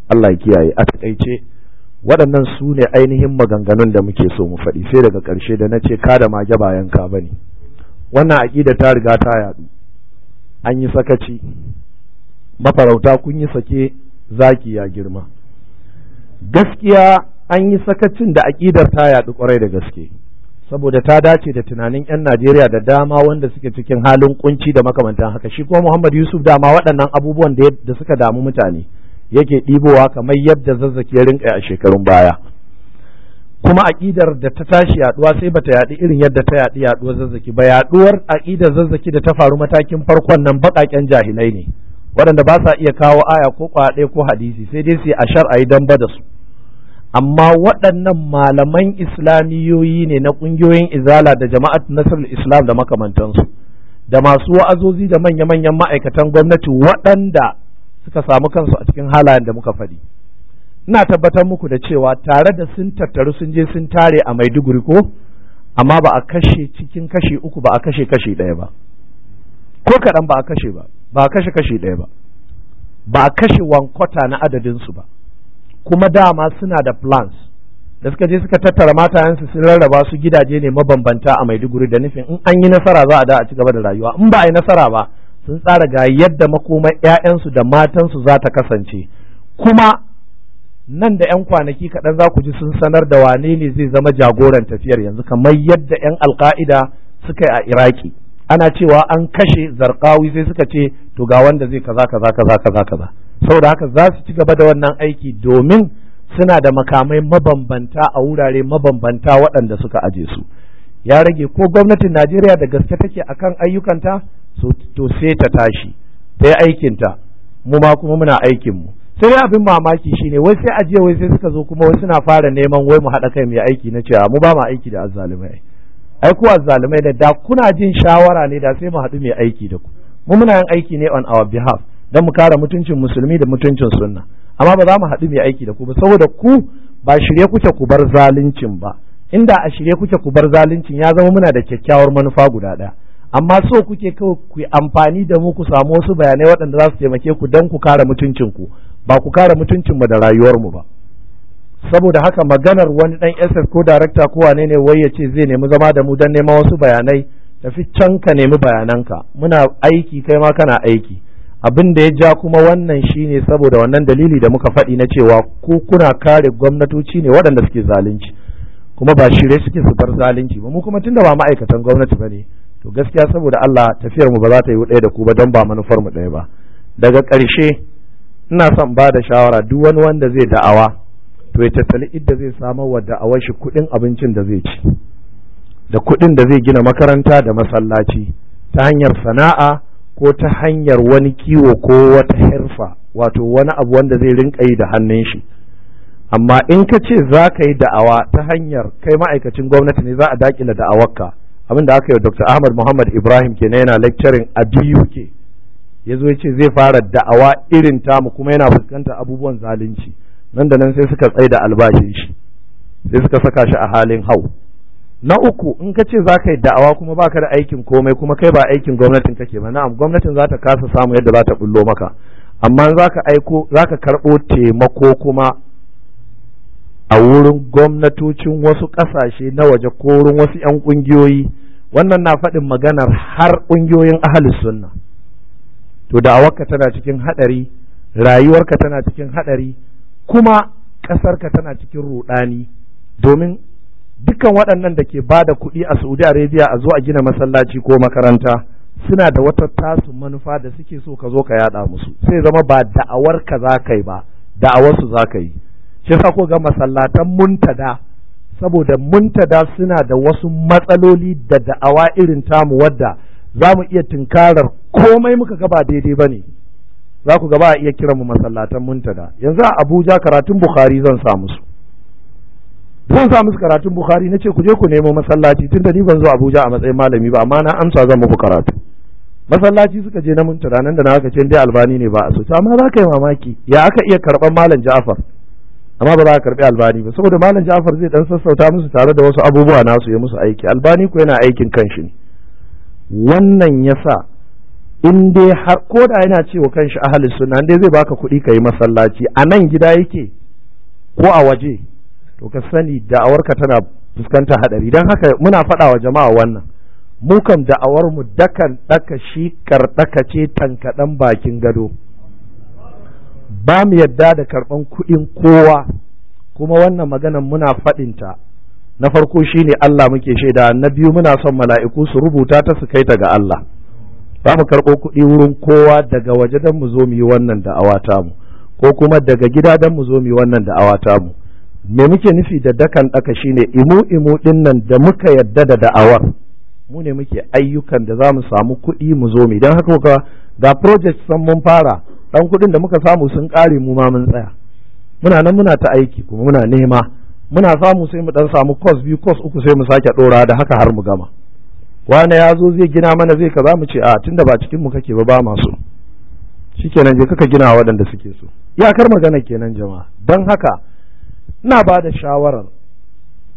Allah ya kiyaye a taƙaice waɗannan su ne ainihin maganganun da muke so mu faɗi sai daga ƙarshe da na ce ka da mage yanka ba ne. wannan aƙida ta riga ta yaɗu an yi sakaci mafarauta kun yi sake zaki ya girma gaskiya an yi sakacin da aƙidar ta yaɗu kwarai da gaske saboda ta dace da tunanin 'yan Najeriya da dama wanda suke cikin halin kunci da makamantan haka shi kuma Muhammad Yusuf dama waɗannan abubuwan da suka damu mutane yake ɗibowa kamar yadda zazzaki ya rinka a shekarun baya kuma aƙidar da ta tashi yaduwa sai bata yaɗu irin yadda ta yaɗu yaduwar zazzaki ba yaduwar aƙidar zazzaki da ta faru matakin farkon nan baƙaƙen jahilai ne waɗanda ba sa iya kawo aya ko kwaɗe ko hadisi sai dai su a shar'ayi dan ba da su amma waɗannan malaman islamiyoyi ne na ƙungiyoyin izala da jama'at nasarar islam da makamantansu da masu wa'azozi da manya-manyan ma'aikatan gwamnati waɗanda suka samu kansu a cikin halayen da muka faɗi ina tabbatar muku da cewa tare da sun tattaru sun je sun tare a maiduguri ko amma ba a kashe cikin kashi uku ba a kashe kashi ɗaya ba ko kaɗan ba a kashe ba ba a kashe kashi ɗaya ba ba a kashe wankwata na adadinsu ba kuma dama suna da plans da suka je suka tattara matayensu sun rarraba su gidaje ne mabambanta a maiduguri da nufin in an yi nasara za a da a ci gaba da rayuwa in ba a yi nasara ba sun tsara ga yadda makomar 'ya'yansu da matansu za ta kasance kuma nan da 'yan kwanaki kaɗan za ku ji sun sanar da wane ne zai zama jagoran tafiyar yanzu kamar yadda 'yan alka'ida suka yi a iraki ana cewa an kashe zarkawi sai suka ce to ga wanda zai kaza kaza kaza kaza kaza saboda haka za su ci gaba da wannan aiki domin suna da makamai mabambanta a wurare mabambanta waɗanda suka aje su ya rage ko gwamnatin najeriya da gaske take akan ayyukanta to sai ta tashi ta yi aikinta mu ma kuma muna aikinmu sai abin mamaki shi ne wai sai ajiya wai sai suka zo kuma wai suna fara neman wai mu haɗa kai mu aiki na cewa mu ba mu aiki da azzalumai ai ku azzalumai da da kuna jin shawara ne da sai mu haɗu mu aiki da ku mu muna yin aiki ne on our behalf don mu kare mutuncin musulmi da mutuncin sunna amma ba za mu haɗu mu aiki da ku ba saboda ku ba shirye kuke ku bar zaluncin ba inda a shirye kuke ku bar zaluncin ya zama muna da kyakkyawar manufa guda ɗaya amma so kuke kawai ku amfani da mu ku samu wasu bayanai waɗanda za su taimake ku don ku kare mutuncin ku ba ku kare mutuncinmu da rayuwarmu ba saboda haka maganar wani dan SS ko darakta ko wane ne wai ya ce zai nemi zama da mu dan neman wasu bayanai tafi can ka nemi bayananka muna aiki kai ma kana aiki abin da ya ja kuma wannan shine saboda wannan dalili da muka faɗi na cewa ko kuna kare gwamnatoci ne waɗanda suke zalunci kuma ba shirye suke su bar zalunci ba mu kuma tunda ba ma'aikatan gwamnati ba ne to gaskiya saboda Allah tafiyar mu ba za ta yi ɗaya da ku ba don ba manufar mu ɗaya ba daga ƙarshe ina son ba da shawara duk wani wanda zai da'awa to ya tattali idda zai samar wa da'awar shi kuɗin abincin da zai ci da kuɗin da zai gina makaranta da masallaci ta hanyar sana'a ko ta hanyar wani kiwo ko wata harfa wato wani abu wanda zai rinka yi da hannun shi amma in ka ce za ka yi da'awa ta hanyar kai ma'aikacin gwamnati ne za a dakila da'awarka abin da aka yi dr ahmad muhammad ibrahim kenan yana lecturing a duk ya zo ce zai fara da'awa irin tamu kuma yana fuskantar abubuwan zalunci nan da nan sai suka tsai da albashin shi sai suka saka shi a halin hau na uku in ka ce za ka yi da'awa kuma ba ka da aikin komai kuma kai ba aikin gwamnatin kake ba na'am gwamnatin za ta kasa samu yadda za ta bullo maka amma za ka aiko za ka karɓo taimako kuma a wurin gwamnatocin wasu ƙasashe na waje ko wurin wasu 'yan ƙungiyoyi wannan na faɗin maganar har ƙungiyoyin ahalus sunna to da'awarka tana cikin haɗari rayuwarka tana cikin haɗari kuma ƙasarka tana cikin ruɗani domin dukkan waɗannan da ke ba da kuɗi a saudi arabia a zo a gina masallaci ko makaranta suna da wata tasu manufa da suke so ka zo ka yaɗa musu sai zama ba da'awarka za ka yi ba da'awarsu za ka yi shi yasa ko ga masallatan muntada saboda muntada suna da wasu matsaloli da da'awa irin tamu wadda za mu iya tunkarar komai muka gaba daidai ba ne za ku gaba a iya kiran mu masallatan muntada yanzu a abuja karatun bukhari zan sa musu zan sa musu karatun bukhari na ce ku je ku nemo masallaci tun da ni ban zo abuja a matsayin malami ba amma na amsa zan muku karatu masallaci suka je na muntada nan da na haka ce dai albani ne ba a so amma za ka yi mamaki ya aka iya karban malam ja'far amma ba za a karbi albani ba saboda malam ja'far zai dan sassauta musu tare da wasu abubuwa nasu ya musu aiki albani ku yana aikin kanshi ne wannan yasa in dai har ko da yana cewa kanshi ahalin suna dai zai baka kuɗi ka yi masallaci a nan gida yake ko a waje to ka sani da'awarka tana fuskantar hadari don haka muna faɗa wa jama'a wannan mukan da'awar mu dakan daka shi karɗaka ce tankaɗan bakin gado ba mu yadda da karɓan kuɗin kowa kuma wannan maganan muna faɗinta na farko shine Allah muke shaida na biyu muna son mala'iku su rubuta ta su kai ta ga Allah za mu karɓo kuɗi wurin kowa daga waje don mu zo mu yi wannan da'awa mu, ko kuma daga gida don mu zo mu yi wannan da'awa mu. me muke nufi da dakan ɗaka shine imu imu ɗin nan da muka yadda da da'awar mu ne muke ayyukan da za mu samu kuɗi mu zo mu don haka kuka ga project san mun fara ɗan kuɗin da muka samu sun ƙare mu ma mun tsaya muna nan muna ta aiki kuma muna nema muna samu sai mu dan samu course biyu course uku sai mu sake dora da haka har mu gama wani ya zo zai gina mana zai kaza mu ce a tunda ba cikin mu kake ba ba masu shikenan je kaka gina waɗanda suke so iyakar magana kenan jama'a don haka ina ba da shawarar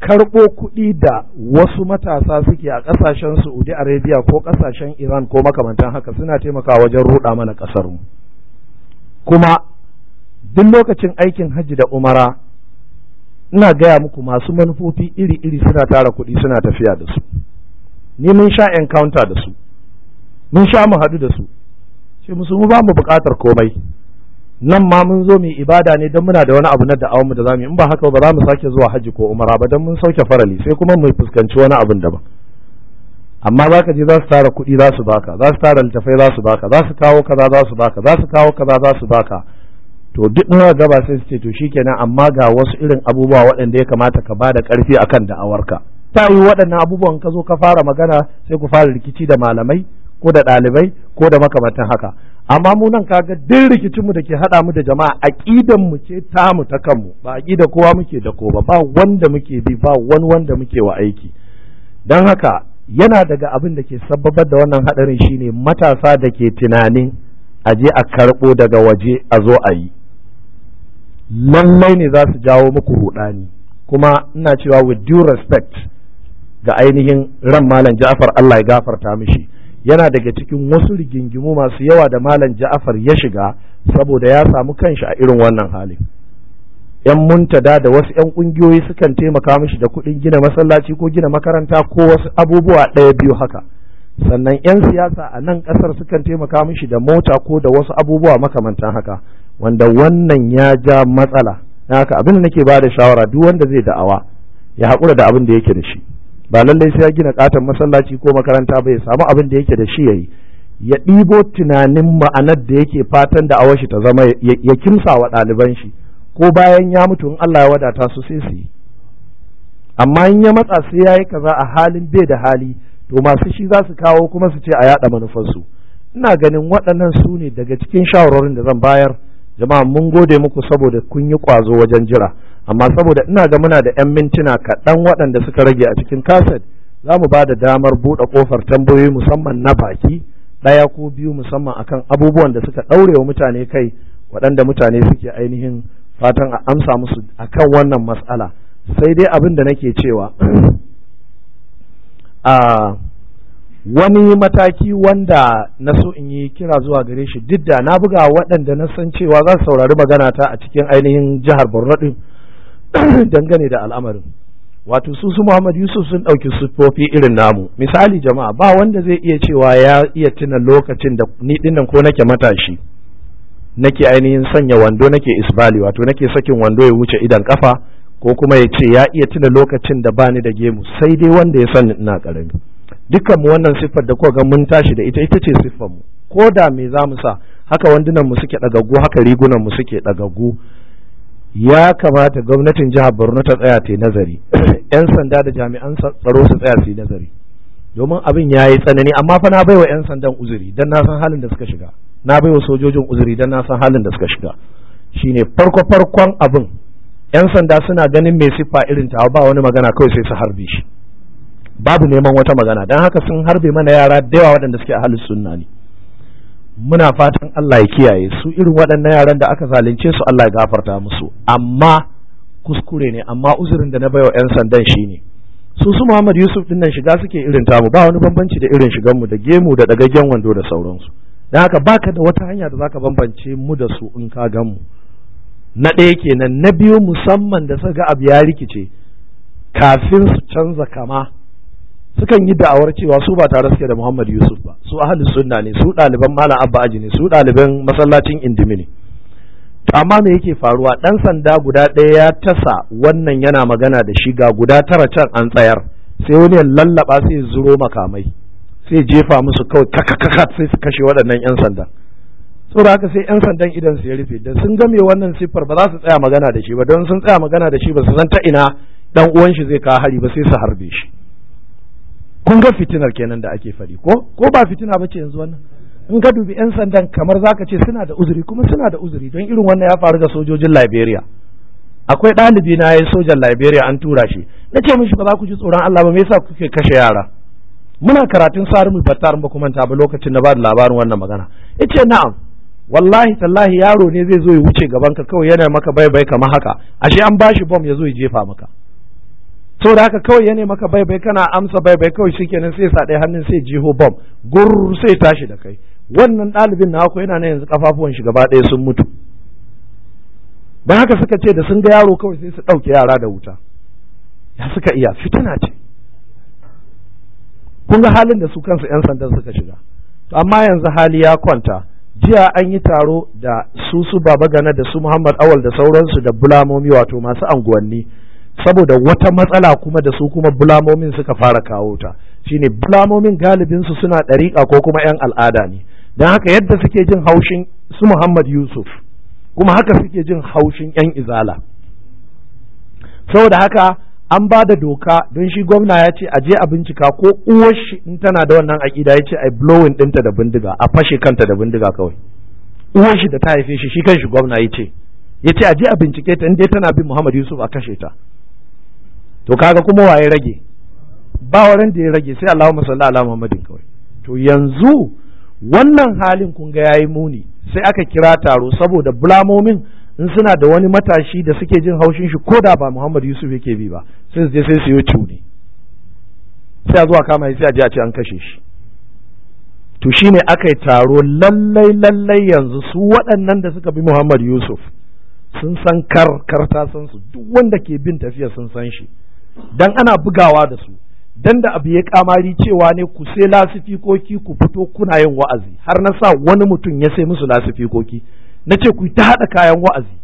karɓo kuɗi da wasu matasa suke a ƙasashen Saudi Arabia ko ƙasashen Iran ko makamantan haka suna taimakawa wajen ruɗa mana ƙasarmu. Kuma duk lokacin aikin hajji da umara ina gaya muku masu manufofi iri-iri suna tara kuɗi suna tafiya da su ni mun sha encounter da su mun sha mu haɗu da su shi musu mu ba mu buƙatar komai nan ma mun zo mu ibada ne don muna da wani abu na da mu da zamu in ba haka ba za mu sake zuwa hajji ko umara ba don mun sauke farali sai kuma mu fuskanci wani abin daban amma za ka je za su tara kuɗi za su baka za su tara littafai za su baka za su kawo kaza za su baka za su kawo kaza za su baka to duk na gaba sai su ce to shikenan amma ga wasu irin abubuwa waɗanda ya kamata ka ba da ƙarfi akan da'awarka ta yi waɗannan abubuwan ka zo ka fara magana sai ku fara rikici da malamai ko da ɗalibai ko da makamantan haka amma mu nan kaga duk rikicin mu ke haɗa mu da jama'a aqidan mu ce tamu ta kanmu ba aqida kowa muke da ko ba ba wanda muke bi ba wani wanda muke wa aiki dan haka yana daga abin da ke sababar da wannan haɗarin shine matasa da ke tunanin je a karɓo daga waje a zo a yi lallai ne za su jawo muku rudani kuma ina cewa with due respect ga ainihin ran malam Ja'far Allah ya gafarta mishi yana daga cikin wasu rigingimu masu yawa da malam Ja'far ya shiga saboda ya samu kanshi a irin wannan halin yan muntada da wasu yan kungiyoyi sukan taimaka mishi da kuɗin gina masallaci ko gina makaranta ko wasu abubuwa ɗaya biyu haka sannan yan siyasa a nan ƙasar sukan taimaka mishi da mota ko da wasu abubuwa makamantan haka wanda wannan ya ja matsala na haka abin da nake ba da shawara duk wanda zai da'awa ya haƙura da abin da yake da shi ba lallai sai ya gina katon masallaci ko makaranta ba ya samu abin da yake da shi yayi ya ɗibo tunanin ma'anar da yake fatan da awashi ta zama ya kimsa wa ɗaliban shi ko bayan ya mutu in Allah ya wadata su sai su yi amma in ya matsa sai ya yi kaza a halin bai da hali to masu shi za su kawo kuma su ce a yaɗa manufarsu ina ganin waɗannan su ne daga cikin shawarorin da zan bayar jama'a mun gode muku saboda kun yi ƙwazo wajen jira amma saboda ina ga muna da 'yan mintuna kaɗan waɗanda suka rage a cikin kaset za mu ba da damar buɗe ƙofar tambayoyi musamman na baki ɗaya ko biyu musamman akan abubuwan da suka ɗaure wa mutane kai waɗanda mutane suke ainihin fatan a amsa musu akan wannan matsala sai dai abin da nake cewa a wani mataki wanda na so in yi kira zuwa gare shi duk da na buga waɗanda na san cewa za su saurari magana ta a cikin ainihin jihar borno ɗin dangane da al'amarin wato su su muhammad yusuf sun ɗauki siffofi irin namu misali jama'a ba wanda zai iya cewa ya iya tuna lokacin da ni dinnan ko nake matashi nake ainihin sanya wando nake isbali wato nake sakin wando ya wuce idan kafa ko kuma ya ce ya iya tuna lokacin da bani da gemu sai dai wanda ya sani ina ƙarami dukkan mu wannan siffar da kuka mun tashi da ita ita ce siffar mu ko da me za mu sa haka wandunan mu suke dagaggu haka rigunan mu suke dagaggu ya kamata gwamnatin jihar Borno ta tsaya ta nazari yan sanda da jami'an tsaro su tsaya su yi nazari domin abin ya yi tsanani amma fa na baiwa yan sandan uzuri dan na san halin da suka shiga na baiwa sojojin uzuri dan na san halin da suka shiga shine farko farkon abin yan sanda suna ganin mai siffa irin ta ba wani magana kawai sai su harbe shi babu neman wata magana don haka sun harbe mana yara da yawa waɗanda suke a sunna ne muna fatan Allah ya kiyaye su irin waɗannan yaran da aka zalunce su Allah ya gafarta musu amma kuskure ne amma uzurin da na baiwa 'yan sandan ne su su Muhammad Yusuf dinnan shiga suke irin tamu ba wani bambanci da irin shigan mu da gemu da dagaggen wando da sauransu Don haka baka da wata hanya da zaka bambance mu da su in ka gan mu na ɗaya kenan na biyu musamman da suka ga abu ya rikice kafin su canza kama sukan yi da'awar cewa su ba tare suke da Muhammad Yusuf ba su ahli sunna ne su ɗaliban Malam Abba Aji ne su ɗaliban masallacin Indimi ne to amma me yake faruwa dan sanda guda ɗaya ya tasa wannan yana magana da shi ga guda tara can an tsayar sai wani ya lallaba sai ya zuro makamai sai jefa musu kawai kakakaka sai su kashe waɗannan yan sanda saboda haka sai yan sandan idan su ya rufe da sun game wannan siffar ba za su tsaya magana da shi ba don sun tsaya magana da shi ba su san ta ina dan uwan shi zai kawo hari ba sai su harbe shi kun ga fitinar kenan da ake fari ko ko ba fitina ba ce yanzu wannan in ga dubi 'yan sandan kamar zaka ce suna da uzuri kuma suna da uzuri don irin wannan ya faru ga sojojin liberia akwai ɗalibi na yi sojan liberia an tura shi na ce mishi ba za ku ji tsoron allah ba me yasa kuke kashe yara muna karatun sarumi battar ba kuma ta ba lokacin da ba da labarin wannan magana yace na'am wallahi tallahi yaro ne zai zo ya wuce gaban ka kawai yana maka bai bai kamar haka ashe an bashi bom ya zo ya jefa maka to da haka kawai ya maka bai kana amsa baibai kawai shi kenan sai sa ɗaya hannun sai jiho bom gur sai tashi da kai wannan ɗalibin na ko yana na yanzu kafafuwan shi gaba ɗaya sun mutu ba haka suka ce da sun ga yaro kawai sai su ɗauke yara da wuta ya suka iya fitina ce kun ga halin da su kansu 'yan sandan suka shiga to amma yanzu hali ya kwanta jiya an yi taro da su su baba gana da su muhammad awal da sauransu da bulamomi wato masu anguwanni saboda wata matsala kuma da su kuma bulamomin suka fara kawo ta shine bulamomin galibinsu suna ɗariƙa ko kuma 'yan al'ada ne don haka yadda suke jin haushin su Muhammad Yusuf kuma haka suke jin haushin 'yan izala saboda haka an ba da doka don shi gwamna ya ce a je a bincika ko uwar shi in tana da wannan aƙida ya ce a blowing ɗinta da bindiga a fashe kanta da bindiga kawai uwar shi da ta haife shi shi kan shi gwamna ya ce ya ce a je a bincike ta in dai tana bin Muhammad Yusuf a kashe ta to kaga kuma waye rage ba wurin da ya rage sai Allahumma salli ala Muhammadin kawai to yanzu wannan halin kun ga yayi muni sai aka kira taro saboda bulamomin in suna da wani matashi da suke jin haushin shi ko da ba Muhammad Yusuf yake bi ba sai su je sai su yi tuni sai a zuwa kama sai a ji a ce an kashe shi to shine aka yi taro lallai lallai yanzu su waɗannan da suka bi Muhammad Yusuf sun san kar karta san su duk wanda ke bin tafiya sun san shi dan ana bugawa da su dan da abu ya kamari cewa ne ku sai lasifikoki ku fito kuna yin wa'azi har na sa wani mutum ya sai musu lasifikoki na ce ku ta haɗa kayan wa'azi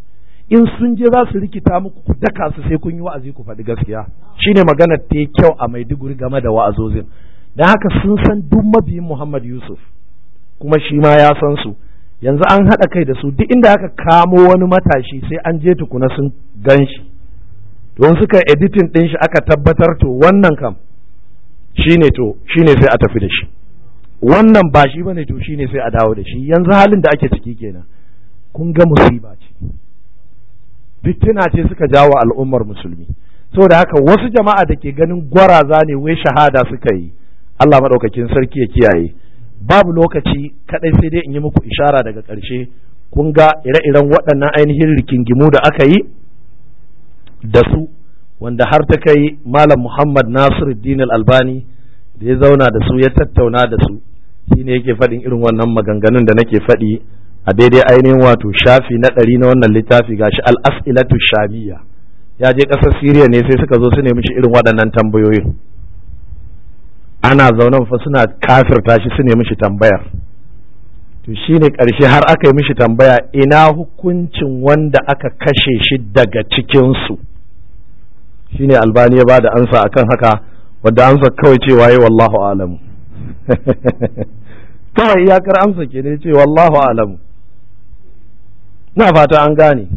in sun je za su rikita muku ku daka su sai kun yi wa'azi ku faɗi gaskiya shine magana ta kyau a Maiduguri game da wa'azozin dan haka sun san duk mabiyin Muhammad Yusuf kuma shi ma ya san su yanzu an haɗa kai da su duk inda aka kamo wani matashi sai an je tukuna sun gan shi don suka editin ɗin shi aka tabbatar to wannan kam shine to shine sai a tafi da shi wannan ba shi bane to shine sai a dawo da shi yanzu halin da ake ciki kenan kun ga musiba ce fitina ce suka jawo al'ummar musulmi saboda haka wasu jama'a da ke ganin gwaraza ne wai shahada suka yi Allah madaukakin sarki ya kiyaye babu lokaci kaɗai sai dai in yi muku ishara daga ƙarshe kun ga ire-iren waɗannan ainihin rikingimu da aka yi da su wanda har ta kai malam muhammad nasiruddin albani da ya zauna da su ya tattauna da su shine yake faɗin irin wannan maganganun da nake faɗi a daidai ainihin wato shafi na ɗari na wannan littafi gashi al'as'ilatu shabiya ya je ƙasar siriya ne sai suka zo su ne shi irin waɗannan tambayoyin ana zaunan fa suna kafirta shi su nemi shi tambayar to shi ne ƙarshe har aka yi mishi tambaya ina hukuncin wanda aka kashe shi daga cikinsu Shi ne albani ya ba da ansa akan haka wadda ansa kawai cewa yi wallahu alamu kawai iyakar amsa ke ne ce wallahu alamu na fata an gane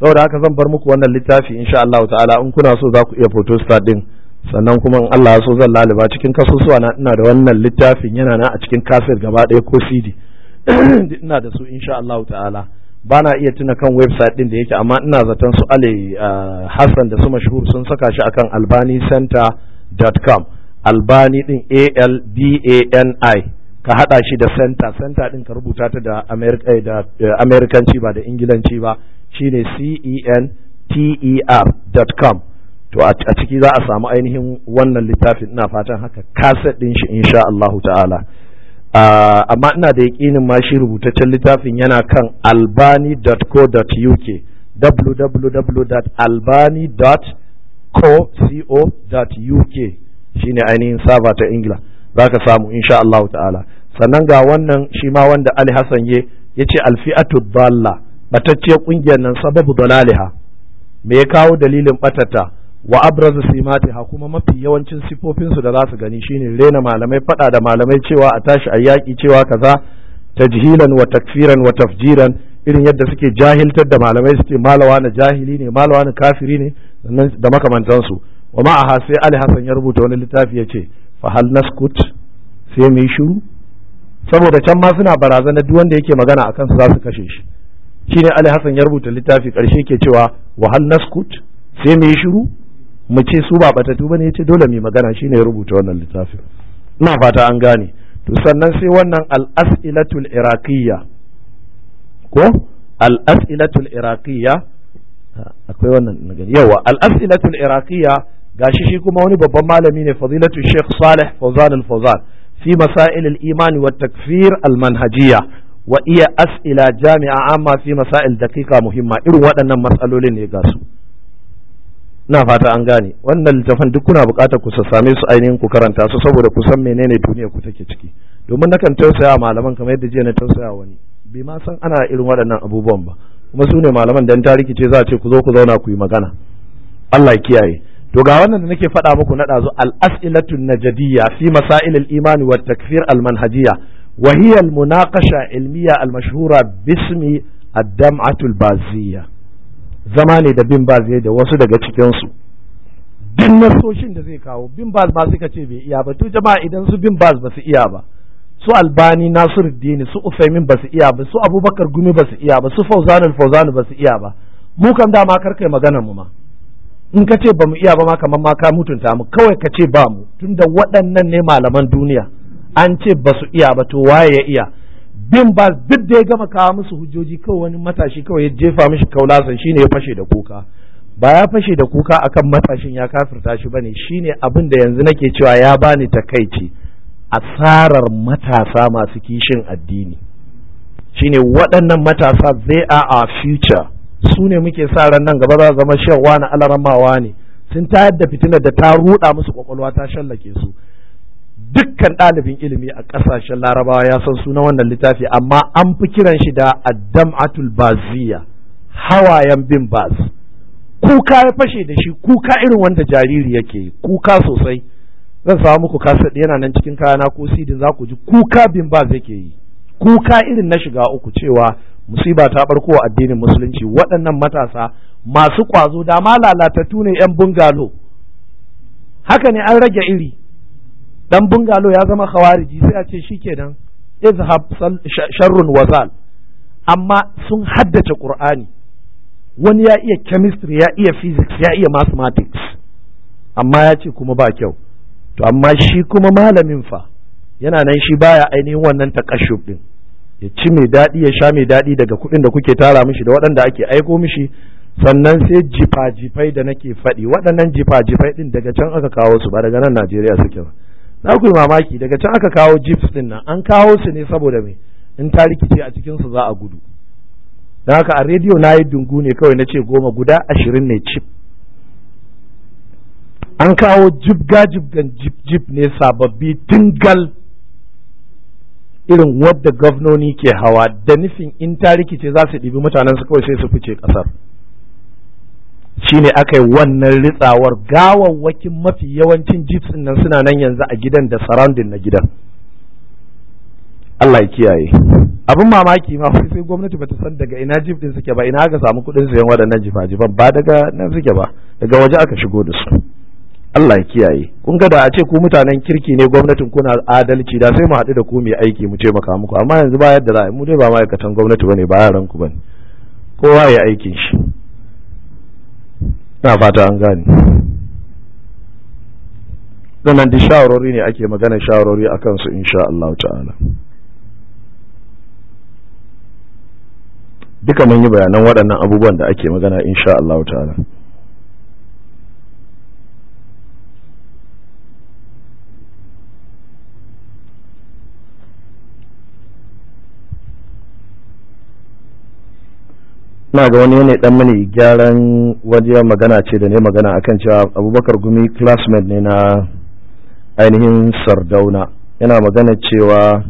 saboda haka zan bar muku wannan littafi insha Allah ta'ala in kuna so za ku iya foto din sannan kuma in Allah so zan laliba cikin kasusuwa na ina da wannan littafin yana na a cikin kasir gaba ɗaya ko Sidi. ina da su insha Allah ta'ala ba na iya tuna kan website din da yake amma ina zaton su Ali ah, Hassan da su mashhur sun saka shi akan albanicenter.com albani din A L B A N I ka hada shi da center center din ka rubuta ta da amerikanci eh, eh, ba da ingilanci ba shine C E N T E R.com to a ciki za a samu ainihin wannan littafin ina fatan haka kaset din shi insha Allah ta'ala Ah, amma ina da yaƙinin ma shi rubutaccen littafin yana kan albani.co.uk www.albani.co.uk shine ainihin saba ta ingila za ka samu insha Allah ta'ala sannan ga wannan shi ma wanda Ali Hassan ye ya ce alfi'atu dalla batacciyar ƙungiyar nan sababu dalaliha me ya kawo dalilin batata wa abrazu ha kuma mafi yawancin sifofinsu da za su gani shine rena malamai fada da malamai cewa a tashi a yaƙi cewa kaza tajhilan wa takfiran wa tafjiran irin yadda suke jahiltar da malamai suke malawa na jahili ne malawa na kafiri ne da makamantansu wa ma'aha sai ali hasan ya rubuta wani littafi ya ce fa naskut sai mu yi shiru saboda can ma suna barazanar duk wanda yake magana akan su za su kashe shi shine ali hasan ya rubuta littafi karshe ke cewa wa naskut sai mu yi shiru mu ce su ba batatu bane yace dole mu magana shine ya rubuta wannan littafin ina fata an gane to sannan sai wannan al-as'ilatul iraqiyya ko al-as'ilatul iraqiyya akwai wannan gani yawa al-as'ilatul iraqiyya gashi shi kuma wani babban malami ne fadilatu Sheikh Salih Fawzan al-Fawzan fi masail al-iman wa takfir al-manhajiyya wa iya as'ila jami'a amma fi masail daqiqa muhimma irin waɗannan matsalolin ne ga su ina fata an gane wannan littafin duk kuna buƙatar ku same su ainihin ku karanta su saboda ku san menene duniya ku take ciki domin nakan tausaya malaman kamar yadda jiya na tausaya wani bai ma san ana irin waɗannan abubuwan ba kuma su ne malaman dan ta ce za a ce ku zo ku zauna ku yi magana Allah kiyaye to ga wannan da nake faɗa muku na ɗazu al-as'ilatu najadiyya fi masail al-iman wa takfir al-manhajiyya wa hiya al-munaqasha ilmiya al-mashhura bismi ad-dam'atu al-baziyya zama ne da bin baz da wasu daga cikinsu duk nasoshin da zai kawo bin baz ba suka ce bai iya ba to jama'a idan su bin baz ba su iya ba su albani nasiruddin su usaimin ba su iya ba su abubakar gumi ba su iya ba su fauzan fauzan ba su iya ba mu kan dama karkai maganar mu ma in ka ce ba mu iya ba ma kamar ma ka mutunta mu kawai ka ce ba mu tunda waɗannan ne malaman duniya an ce ba su iya ba to waye ya iya bin ba duk da ya gama kawo musu hujjoji kawai wani matashi kawai ya jefa mishi kaulasan shine ya fashe da kuka ba ya fashe da kuka akan matashin ya kafirta shi bane shine abin da yanzu nake cewa ya bani takaici asarar matasa masu kishin addini shine waɗannan matasa they are our future su ne muke sa ran nan gaba za zama shewa na alaramawa ne sun tayar da fitinar da ta ruɗa musu kwakwalwa ta shallake su dukkan ɗalibin ilimi a ƙasashen larabawa ya san suna wannan littafi amma an fi kiran shi da Atul baziya hawayen bin baz kuka ya fashe da shi kuka irin wanda jariri yake kuka sosai zan samu muku ɗaya yana nan cikin kayana ko sidin za ku ji kuka bin baz yake yi kuka irin na shiga uku cewa musiba ta barko addinin musulunci waɗannan matasa masu kwazo da ma lalatattu ne 'yan bungalo haka ne an rage iri dan bungalo ya zama khawariji sai a ce shikenan izhab sharrun wazal amma sun haddace qur'ani wani ya iya chemistry ya iya physics ya iya mathematics amma ya ce kuma ba kyau to amma shi kuma malamin fa yana nan shi baya ainihin wannan takashub din ya ci mai daɗi ya sha mai daɗi daga kuɗin da kuke tara mishi da waɗanda ake aiko mishi sannan sai jifa-jifai da nake faɗi waɗannan jifa-jifai ɗin daga can aka kawo su ba daga nan Najeriya suke ba Na ku mamaki daga can aka kawo jeeps din nan an kawo su ne saboda me in ta rikice a cikin su za a gudu don haka a rediyo na yi dungu ne kawai na ce goma guda ashirin ne cip an kawo jibga gan jib jib ne sababbi tingal irin wadda gwamnoni ke hawa da nufin in ta rikice za su ɗibi mutanen su kawai sai su fice ƙasar Shi ne aka yi wannan ritsawar gawawwakin mafi yawancin jitsin nan suna nan yanzu a gidan da surrounding na gidan Allah ya kiyaye abin mamaki ma sai gwamnati bata san daga ina jif din suke ba ina aka samu kudin sayan waɗannan jifa-jifan ba daga nan suke ba daga waje aka shigo da su Allah ya kiyaye kun ga da a ce ku mutanen kirki ne gwamnatin kuna adalci da sai mu haɗu da ku mu aiki mu ce maka muku amma yanzu ba yadda za mu dai ba ma'aikatan gwamnati bane ba yaran ku bane kowa ya aikin shi na fata an gane sannan duk shawarori ne ake magana shawarori a kansu insha Allah ta'ala duka mun yi bayanan waɗannan abubuwan da ake magana insha Allah ta'ala na ga wani ne dan mani gyaran waje magana ce da ne magana akan cewa abubakar gumi classmate ne na ainihin sardauna yana magana cewa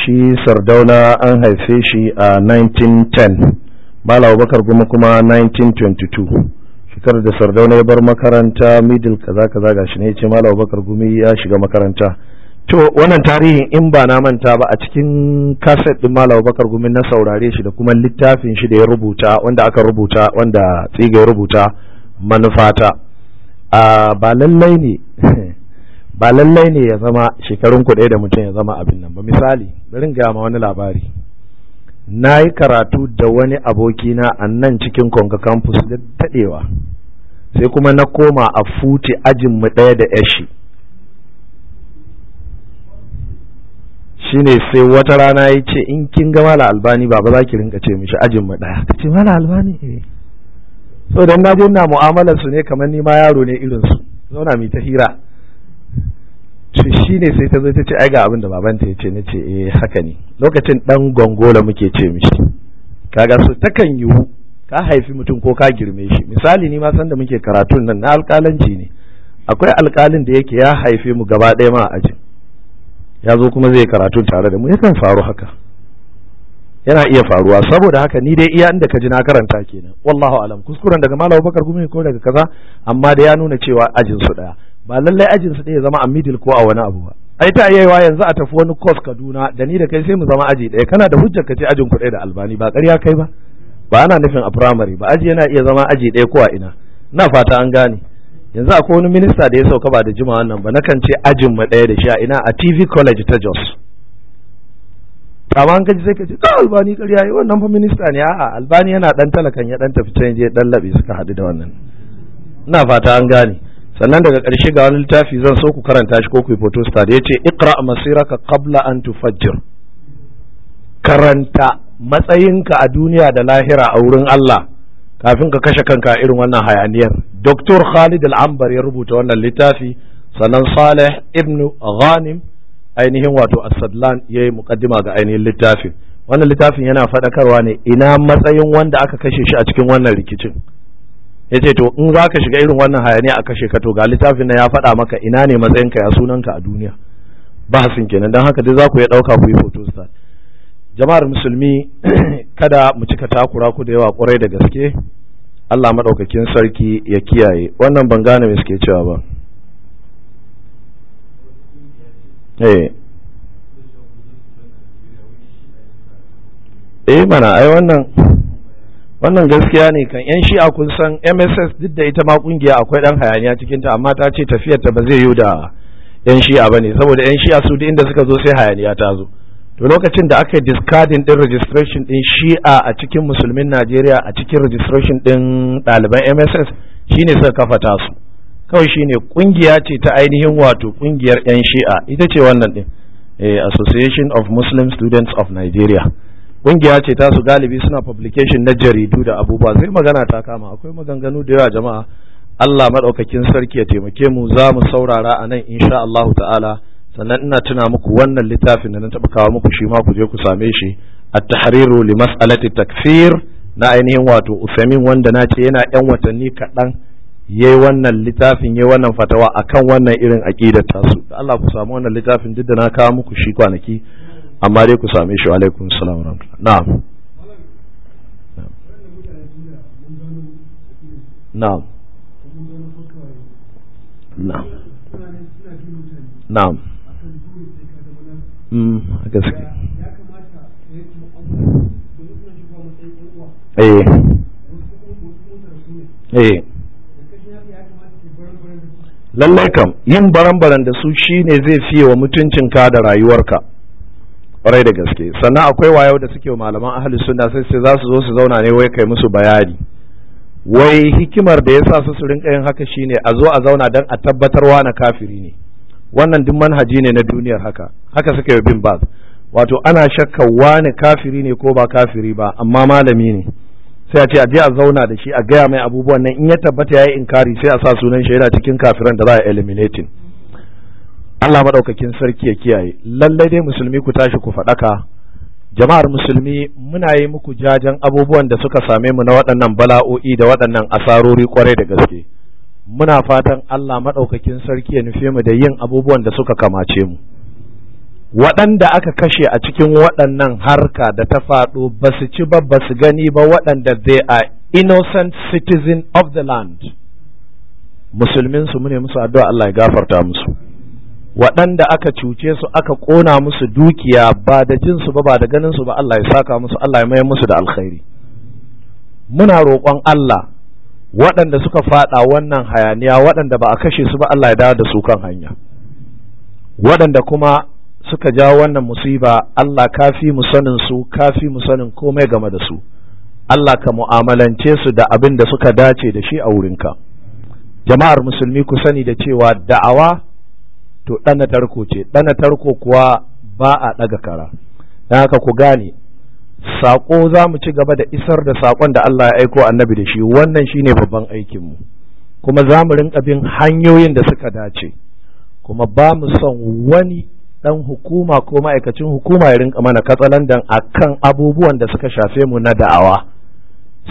shi sardauna an haife shi a 1910 bala abubakar gumi kuma 1922 shekarar da sardauna ya bar makaranta middle kaza kaza gashi ne ya ce mala abubakar gumi ya shiga makaranta to wannan tarihin in ba na manta ba a cikin kaset ɗin Malam Bakar Gumi na saurare shi da kuma littafin shi da ya rubuta wanda aka rubuta wanda tsiga ya rubuta manufata ba lallai ne ba lallai ne ya zama shekarun ku da mutum ya zama abin nan ba misali bari ga ma wani labari na yi karatu da wani abokina a nan cikin Konga campus da taɗewa, sai kuma na koma a futi ajinmu ɗaya da yashi shine sai wata rana ya ce in kin ga mala albani baba za ki rinka ce mishi ajin mu daya ta ce mala albani ne eh. so dan naje ina mu'amalar su ne kamar ni ma yaro ne irin su zauna mi ta hira shi ne sai ta zo ta ce ai ga abin da babanta ya ce na ce eh haka ne lokacin dan gongola muke ce mishi kaga su takan yiwu ka haifi mutum ko ka girme shi misali ni ma san da muke karatun nan na alkalanci ne akwai alkalin da yake ya haife mu gaba ɗaya ma ajin ya zo kuma zai karatu tare da mu yakan faru haka yana iya faruwa saboda haka ni dai iya inda ka ji na karanta kenan wallahu alam kuskuren daga malam bakar gumi ko daga kaza amma da ya nuna cewa ajin su daya ba lallai ajin su daya zama a middle ko a wani abu ba ai ta yayewa yanzu a tafi wani course Kaduna da ni da kai sai mu zama aji daya kana da hujjar ka ce ajin ku da albani ba ƙarya kai ba ba ana nufin a primary ba aji yana iya zama aji daya ko a ina na fata an gane yanzu akwai wani minista da ya sauka ba da juma nan ba na kan ce ajin mu ɗaya da shi a ina a TV college ta Jos tsawon an kaji sai ka ce albani ƙarya yi wannan fa minista ne a'a albani yana ɗan talakan ya ɗan tafi can je ɗan laɓe suka haɗu da wannan ina fata an gane sannan daga ƙarshe ga wani littafi zan so ku karanta shi ko ku yi photo star ya ce masira ka qabla an tufajjir karanta matsayinka a duniya da lahira a wurin Allah kafin ka kashe kanka irin wannan hayaniyar Dr. Khalid Al-Ambar ya rubuta wannan littafi sannan Saleh Ibn Ghanim ainihin wato As-Sadlan yayi muqaddima ga ainihin littafin wannan littafin yana faɗakarwa ne ina matsayin wanda aka kashe shi a cikin wannan rikicin Ya ce to in za ka shiga irin wannan hayaniya a kashe ka to ga littafin na ya faɗa maka ina ne matsayinka ya sunanka a duniya bahasin kenan don haka dai za ku ya ɗauka ku yi photostat jama'ar musulmi kada mu cika takura ku da yawa kwarai da gaske Allah maɗaukakin sarki ya kiyaye wannan ban gane me suke cewa ba eh, eh mana ai wannan wannan gaskiya ne kan yan shi'a kun san MSS duk da ita ma kungiya akwai dan hayaniya cikin ta amma ta ce tafiyar ta ba zai yi da yan shi'a bane saboda yan shi'a su duk inda suka zo sai hayaniya ta zo to lokacin da aka discarding din registration din shi'a a cikin musulmin najeriya a cikin registration din ɗaliban mss shine suka kafa tasu kawai shine kungiya ce ta ainihin wato ƙungiyar 'yan shi'a ita ce wannan din eh, association of muslim students of nigeria kungiya ce tasu galibi suna publication na jaridu da abubuwa sai magana ta kama akwai maganganu da yawa jama'a allah maɗaukakin sarki ya taimake mu za mu saurara a nan insha allahu ta'ala sannan ina tuna muku wannan littafin da na taɓa kawo muku shi ma ku je ku same shi at-tahriru li mas'alati takfir na ainihin wato Usamin, wanda na ce yana yan watanni kaɗan ya yi wannan littafin ya yi wannan fatawa akan wannan irin aƙidar tasu Da Allah ku samu wannan littafin duk da na kawo muku shi kwanaki amma dai ku same shi alaikum salam wa rahmatullah na'am na'am na'am na'am Mm, eh. Eh. lallai kam yin baran-baran da su shine zai fiye wa mutuncinka da rayuwarka ƙwarai da gaske sannan akwai wayo da suke malaman ahli suna sai sai za su zo su zauna ne wai kai musu bayani wai hikimar da ya sa su su rinka yin haka shine a zo a zauna don a tabbatarwa na kafiri ne wannan duk manhaji ne na duniyar haka haka suka bin ba. wato ana shakka wani kafiri ne ko ba kafiri ba amma malami ne sai a ce a je a zauna da shi a gaya mai abubuwan nan in ya tabbata ya yi inkari sai a sa sunan shi yana cikin kafiran da za a eliminating Allah maɗaukakin sarki ya kiyaye lallai dai musulmi ku tashi ku faɗaka jama'ar musulmi muna yi muku jajen abubuwan da suka same mu na waɗannan bala'o'i da waɗannan asarori kwarai da gaske muna fatan Allah maɗaukakin sarki ya nufe mu da yin abubuwan da suka kamace mu waɗanda aka kashe a cikin waɗannan harka da ta faɗo ba su ci ba ba su gani ba waɗanda they are innocent citizen of the land musulmin su mune musu addu'a Allah ya gafarta musu waɗanda aka cuce su aka ƙona musu dukiya ba da jin su ba ba da ganin su ba Allah ya saka musu Allah ya mayar musu da alkhairi muna roƙon Allah waɗanda suka faɗa wannan hayaniya waɗanda ba a kashe su ba Allah ya dawo da su kan hanya waɗanda kuma suka jawo wannan musiba Allah kafi mu sanin su kafi mu sanin komai game da su Allah ka mu'amalance su da abin da suka dace da shi a wurinka jama'ar musulmi ku sani da cewa da'awa to ɗana tarko ce ɗana tarko kuwa ba a ɗaga kara don haka ku gane saƙo za mu ci gaba da isar da saƙon da Allah ya aiko annabi da shi wannan shi ne babban aikinmu kuma za mu rinka bin hanyoyin da suka dace kuma ba mu son wani ɗan hukuma ko ma'aikacin hukuma ya rinka mana katsalandan kan abubuwan da suka shafe mu na da'awa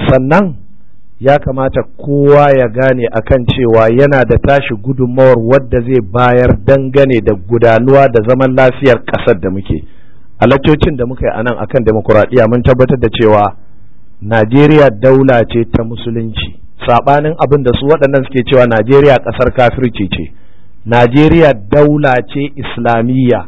sannan ya kamata kowa ya gane a kan cewa yana da tashi gudunmawar wadda zai bayar dangane da gudanuwa da zaman lafiyar ƙasar da muke. halaccocin da muka yi anan akan demokuraɗiyya mun tabbatar da cewa najeriya daula ce ta musulunci saɓanin abin da su waɗannan suke cewa najeriya ƙasar kafirci ce najeriya daula ce islamiyya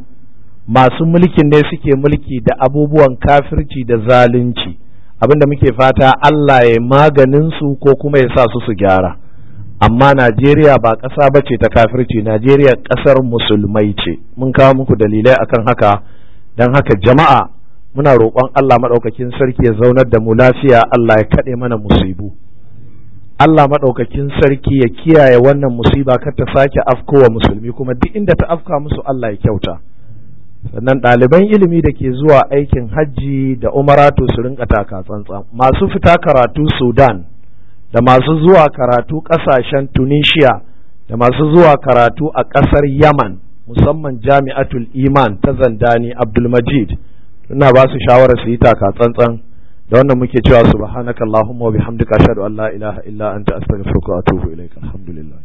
masu mulkin ne suke mulki da abubuwan kafirci da zalunci abin da muke fata allah ya maganin su ko kuma ya sa su su gyara amma najeriya ba ƙasa ba ce ta kafirci najeriya ƙasar musulmai ce mun kawo muku dalilai akan haka don haka jama'a muna roƙon Allah maɗaukakin sarki ya zaunar da mu lafiya Allah ya kaɗe mana musibu Allah maɗaukakin sarki ya kiyaye wannan musiba kar ta sake afkowa musulmi kuma duk inda ta afka musu Allah ya kyauta sannan ɗaliban ilimi da ke zuwa aikin hajji da umaratu su rinka taka tsantsan masu fita karatu Sudan da masu zuwa karatu ƙasashen Tunisia da masu zuwa karatu a ƙasar Yaman musamman jami'atul iman ta zandani abdulmajid ina ba su shawarar su yi taka tsantsan da wannan muke cewa subhanakallahumma wa bihamdika ashhadu an la ilaha illa anta astaghfiruka wa atubu ilaik alhamdulillah